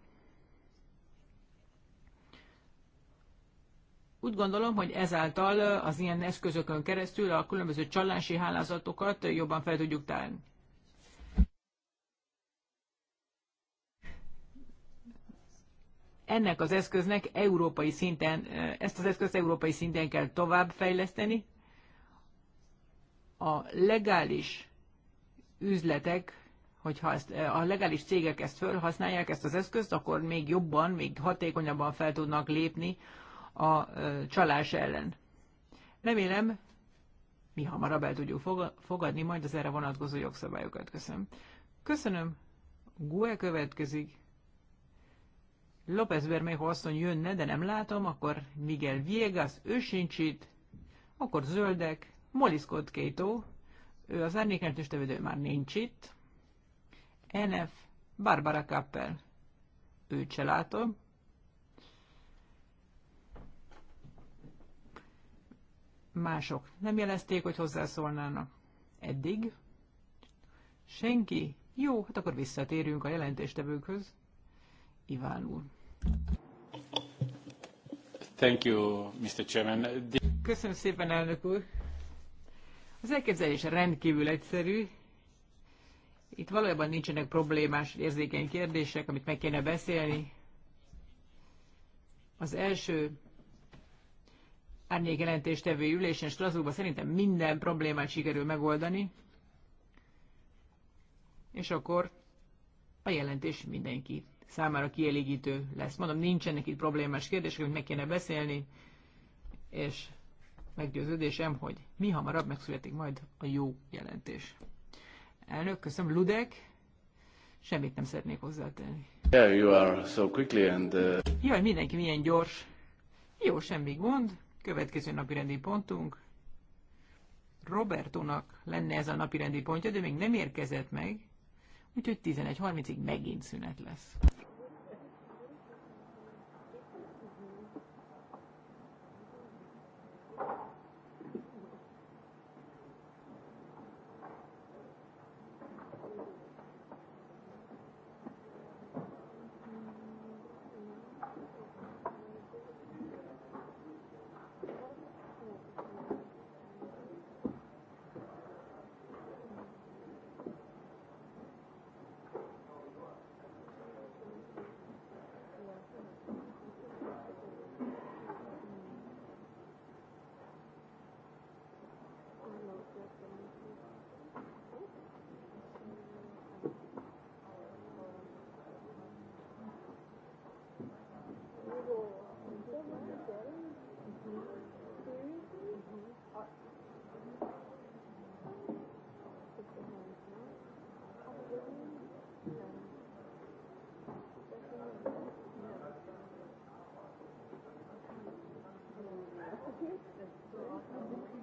Úgy gondolom, hogy ezáltal az ilyen eszközökön keresztül a különböző csalási hálózatokat jobban fel tudjuk tárni. ennek az eszköznek európai szinten, eh, ezt az eszközt európai szinten kell továbbfejleszteni, a legális üzletek, hogyha ezt, e, a legális cégek ezt felhasználják, ezt az eszközt, akkor még jobban, még hatékonyabban fel tudnak lépni a e, csalás ellen. Remélem, mi hamarabb el tudjuk fogadni majd az erre vonatkozó jogszabályokat. Köszönöm. Köszönöm. Gue következik. López Bermejo asszony jönne, de nem látom, akkor Miguel Viegas, ő sincs itt, akkor zöldek, Molly Scott Kato, ő az árnyékeltős tevődő már nincs itt. NF Barbara Kappel, őt se látom. Mások nem jelezték, hogy hozzászólnának. Eddig. Senki? Jó, hát akkor visszatérünk a jelentéstevőkhöz. Iván úr. Thank you, Mr. Chairman. Köszönöm szépen, elnök úr. Az elképzelés rendkívül egyszerű. Itt valójában nincsenek problémás érzékeny kérdések, amit meg kéne beszélni. Az első árnyékjelentéstevő ülésen Strasbourgban szerintem minden problémát sikerül megoldani, és akkor a jelentés mindenki számára kielégítő lesz. Mondom, nincsenek itt problémás kérdések, amit meg kéne beszélni, és meggyőződésem, hogy mi hamarabb megszületik majd a jó jelentés. Elnök, köszönöm, Ludek, semmit nem szeretnék hozzátenni. Yeah, you are so quickly and... Uh... Jaj, mindenki milyen gyors. Jó, semmi gond. Következő napi rendi pontunk. Robertonak lenne ez a napi rendi pontja, de még nem érkezett meg, úgyhogy 11.30-ig megint szünet lesz.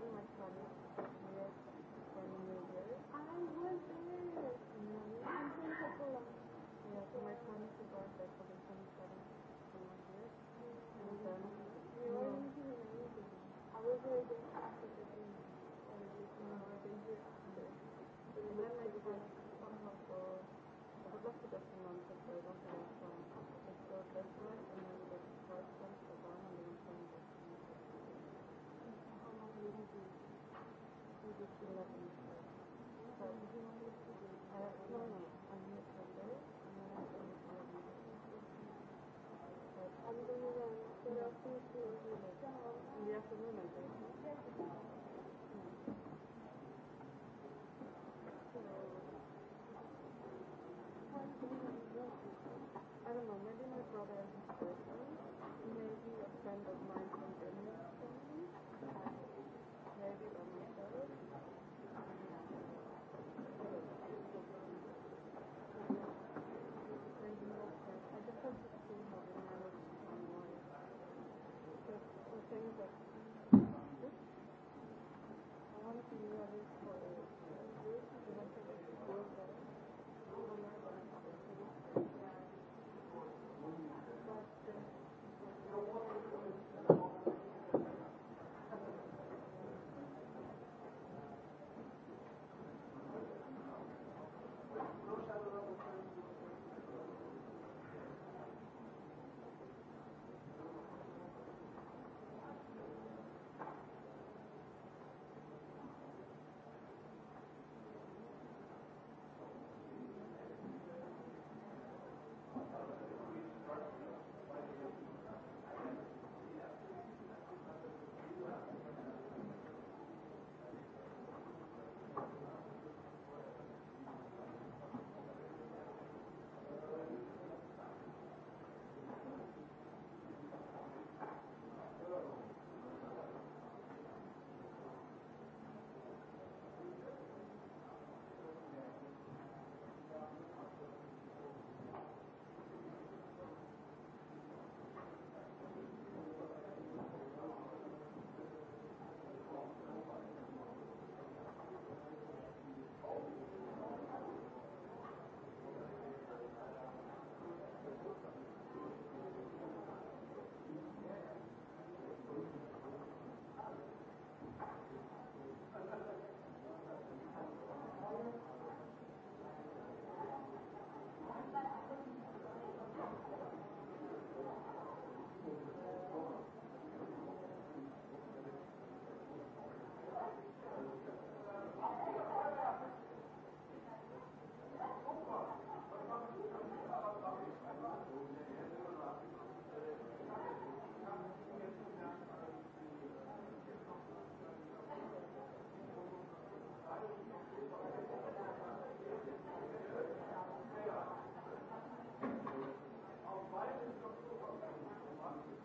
very much Absolutamente.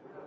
Thank you.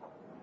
Thank you.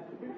nekünk.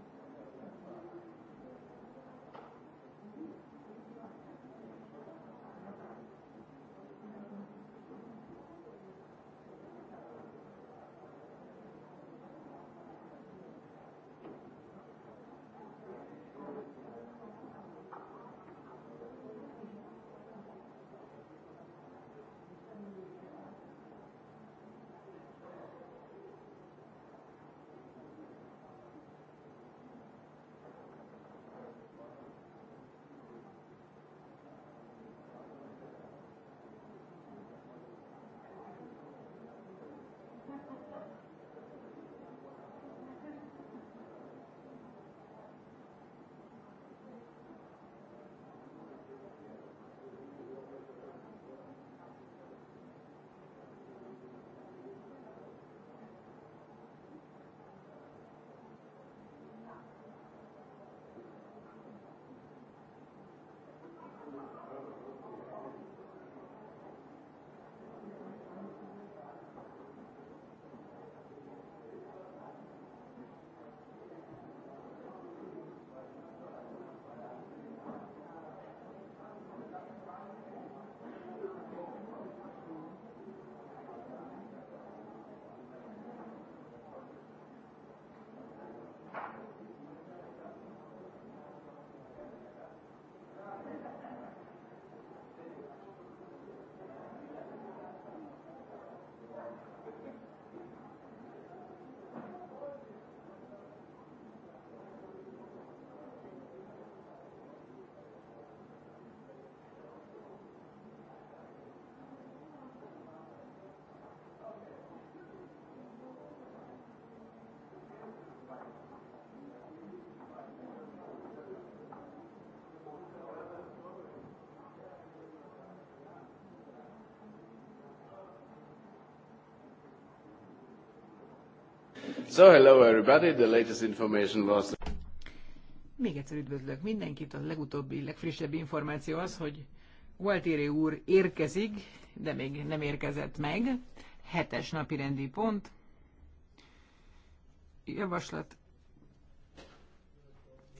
So, hello everybody, the latest information was... Még egyszer üdvözlök mindenkit, a legutóbbi, legfrissebb információ az, hogy Gualtieri úr érkezik, de még nem érkezett meg. Hetes napi rendi pont. Javaslat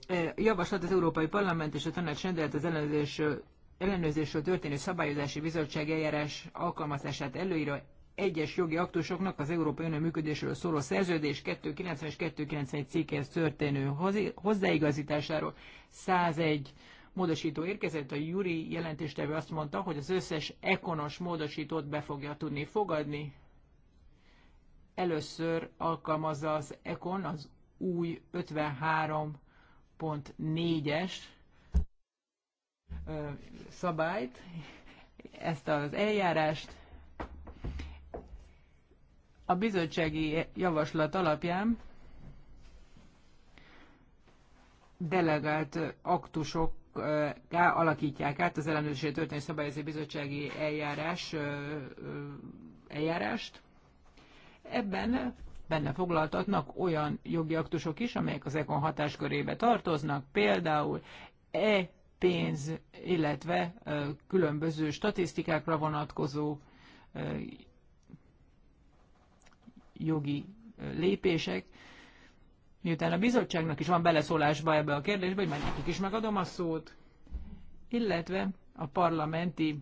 e, Javaslat az Európai Parlament és a Tanács rendelet az ellenőrzésről, ellenőrzésről történő szabályozási bizottság eljárás alkalmazását előírja egyes jogi aktusoknak az Európai Unió működésről szóló szerződés 290 és 291 cikkehez történő hozzáigazításáról 101 módosító érkezett. A Júri jelentéstevő azt mondta, hogy az összes ekonos módosítót be fogja tudni fogadni. Először alkalmazza az ekon az új 53.4-es szabályt, ezt az eljárást, a bizottsági javaslat alapján delegált aktusok alakítják át az ellenőrzési történő szabályozó bizottsági eljárás, eljárást. Ebben benne foglaltatnak olyan jogi aktusok is, amelyek az ECON hatáskörébe tartoznak, például e pénz, illetve különböző statisztikákra vonatkozó jogi lépések. Miután a bizottságnak is van beleszólásba ebbe a kérdésbe, hogy majd nekik is megadom a szót, illetve a parlamenti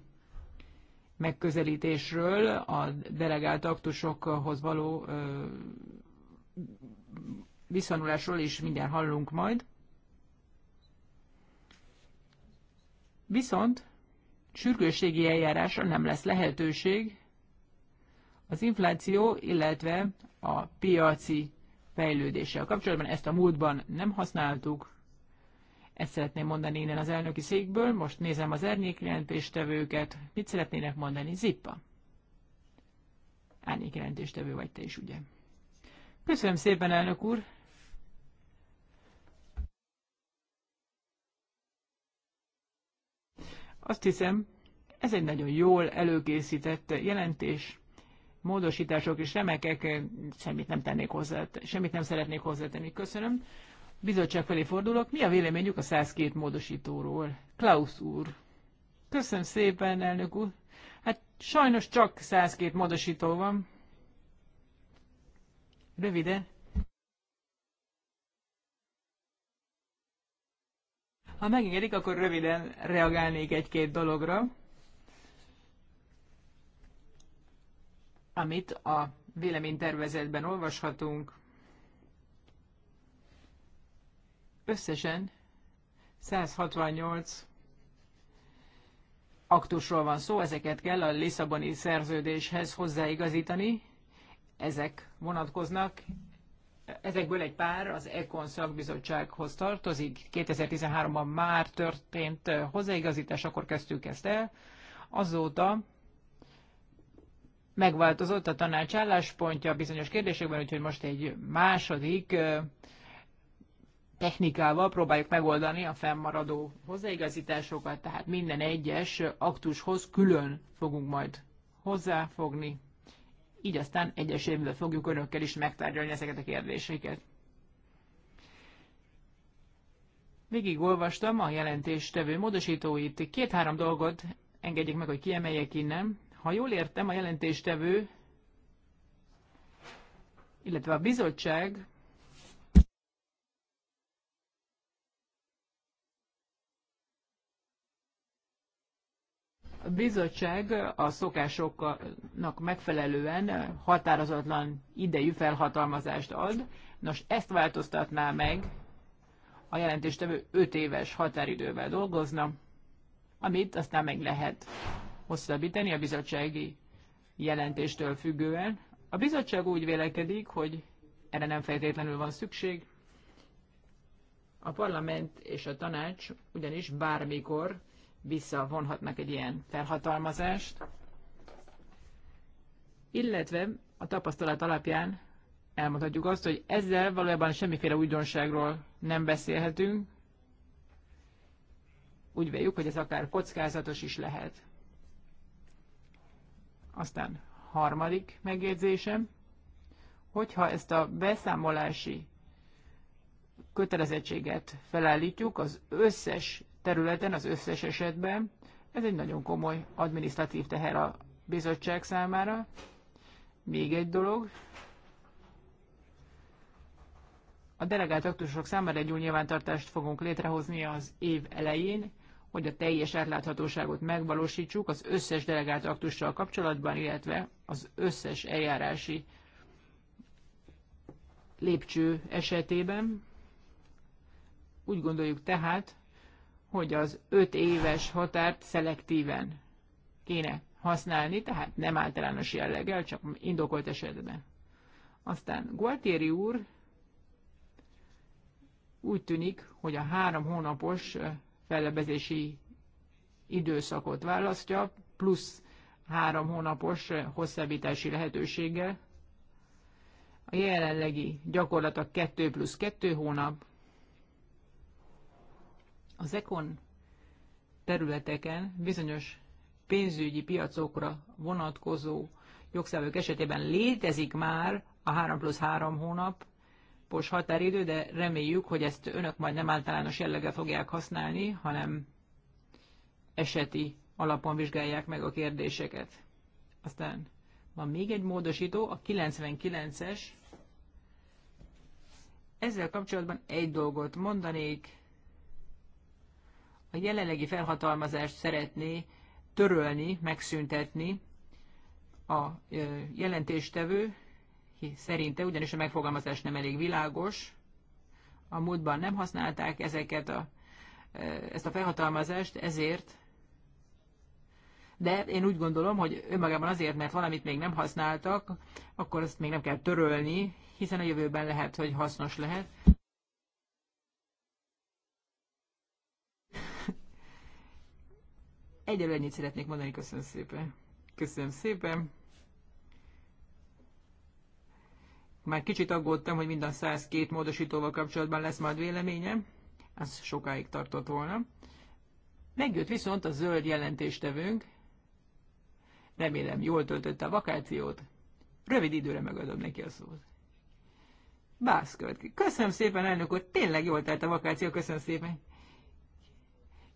megközelítésről, a delegált aktusokhoz való viszonyulásról is mindjárt hallunk majd. Viszont sürgősségi eljárásra nem lesz lehetőség, az infláció, illetve a piaci fejlődéssel kapcsolatban. Ezt a múltban nem használtuk, ezt szeretném mondani innen az elnöki székből, most nézem az árnyékjelentéstevőket, mit szeretnének mondani? Zippa. Árnyékjelentéstevő vagy te is, ugye? Köszönöm szépen, elnök úr! Azt hiszem, ez egy nagyon jól előkészített jelentés módosítások és remekek, eh, semmit nem tennék hozzá, semmit nem szeretnék hozzátenni. Köszönöm. Bizottság felé fordulok. Mi a véleményük a 102 módosítóról? Klaus úr. Köszönöm szépen, elnök úr. Hát sajnos csak 102 módosító van. Röviden. Ha megengedik, akkor röviden reagálnék egy-két dologra. amit a véleménytervezetben olvashatunk. Összesen 168 aktusról van szó, ezeket kell a Lisszaboni szerződéshez hozzáigazítani. Ezek vonatkoznak, ezekből egy pár az ECON szakbizottsághoz tartozik. 2013-ban már történt hozzáigazítás, akkor kezdtük ezt el. Azóta Megváltozott a tanács álláspontja bizonyos kérdésekben, úgyhogy most egy második technikával próbáljuk megoldani a fennmaradó hozzáigazításokat, tehát minden egyes aktushoz külön fogunk majd hozzáfogni, így aztán egyesével fogjuk önökkel is megtárgyalni ezeket a kérdéseket. Végigolvastam a jelentéstevő módosítóit, két-három dolgot engedjék meg, hogy kiemeljek innen. Ha jól értem, a jelentéstevő, illetve a bizottság A bizottság a szokásoknak megfelelően határozatlan idejű felhatalmazást ad. Nos, ezt változtatná meg, a jelentéstevő 5 éves határidővel dolgozna, amit aztán meg lehet hosszabbítani a bizottsági jelentéstől függően. A bizottság úgy vélekedik, hogy erre nem feltétlenül van szükség. A parlament és a tanács ugyanis bármikor visszavonhatnak egy ilyen felhatalmazást, illetve a tapasztalat alapján elmondhatjuk azt, hogy ezzel valójában semmiféle újdonságról nem beszélhetünk. Úgy véljük, hogy ez akár kockázatos is lehet. Aztán harmadik megjegyzésem, hogyha ezt a beszámolási kötelezettséget felállítjuk az összes területen, az összes esetben, ez egy nagyon komoly adminisztratív teher a bizottság számára. Még egy dolog, a delegált aktusok számára egy új nyilvántartást fogunk létrehozni az év elején hogy a teljes átláthatóságot megvalósítsuk az összes delegált aktussal kapcsolatban, illetve az összes eljárási lépcső esetében. Úgy gondoljuk tehát, hogy az öt éves határt szelektíven kéne használni, tehát nem általános jelleggel, csak indokolt esetben. Aztán Gualtieri úr úgy tűnik, hogy a három hónapos fellebezési időszakot választja, plusz három hónapos hosszabbítási lehetősége. A jelenlegi gyakorlat a 2 plusz 2 hónap. Az ekon területeken bizonyos pénzügyi piacokra vonatkozó jogszabályok esetében létezik már a 3 plusz 3 hónap, hónapos határidő, de reméljük, hogy ezt önök majd nem általános jelleggel fogják használni, hanem eseti alapon vizsgálják meg a kérdéseket. Aztán van még egy módosító, a 99-es. Ezzel kapcsolatban egy dolgot mondanék. A jelenlegi felhatalmazást szeretné törölni, megszüntetni a jelentéstevő, szerinte, ugyanis a megfogalmazás nem elég világos, a múltban nem használták ezeket a, e, ezt a felhatalmazást, ezért de én úgy gondolom, hogy önmagában azért, mert valamit még nem használtak, akkor azt még nem kell törölni, hiszen a jövőben lehet, hogy hasznos lehet. Egyelőre ennyit szeretnék mondani, köszönöm szépen. Köszönöm szépen. Már kicsit aggódtam, hogy mind a 102 módosítóval kapcsolatban lesz majd véleményem. Ez sokáig tartott volna. Megjött viszont a zöld jelentéstevőnk. Remélem, jól töltötte a vakációt. Rövid időre megadom neki a szót. Bász következik. Köszönöm szépen, elnök úr. Tényleg jól telt a vakáció. Köszönöm szépen.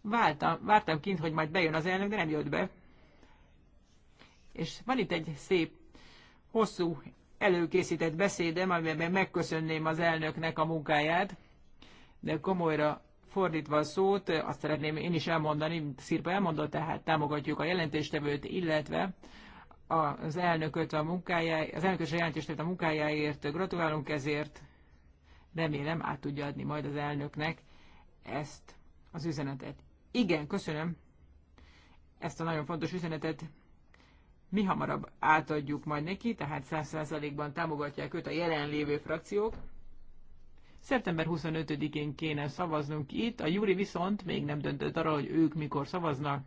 Váltam, vártam kint, hogy majd bejön az elnök, de nem jött be. És van itt egy szép, hosszú előkészített beszédem, amiben megköszönném az elnöknek a munkáját, de komolyra fordítva a szót, azt szeretném én is elmondani, mint Szirpa elmondott, tehát támogatjuk a jelentéstevőt, illetve az elnököt a munkájáért, az elnökös a jelentéstevőt a munkájáért, gratulálunk ezért, remélem át tudja adni majd az elnöknek ezt az üzenetet. Igen, köszönöm ezt a nagyon fontos üzenetet, mi hamarabb átadjuk majd neki, tehát 100%-ban támogatják őt a jelenlévő frakciók. Szeptember 25-én kéne szavaznunk itt, a Júri viszont még nem döntött arra, hogy ők mikor szavaznak,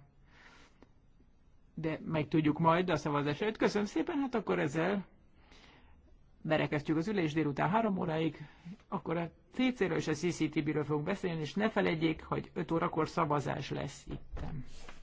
de megtudjuk majd a szavazás előtt. Köszönöm szépen, hát akkor ezzel berekeztjük az ülés délután 3 óráig, akkor a CC-ről és a cctb ről fogunk beszélni, és ne felejtjék, hogy 5 órakor szavazás lesz itt.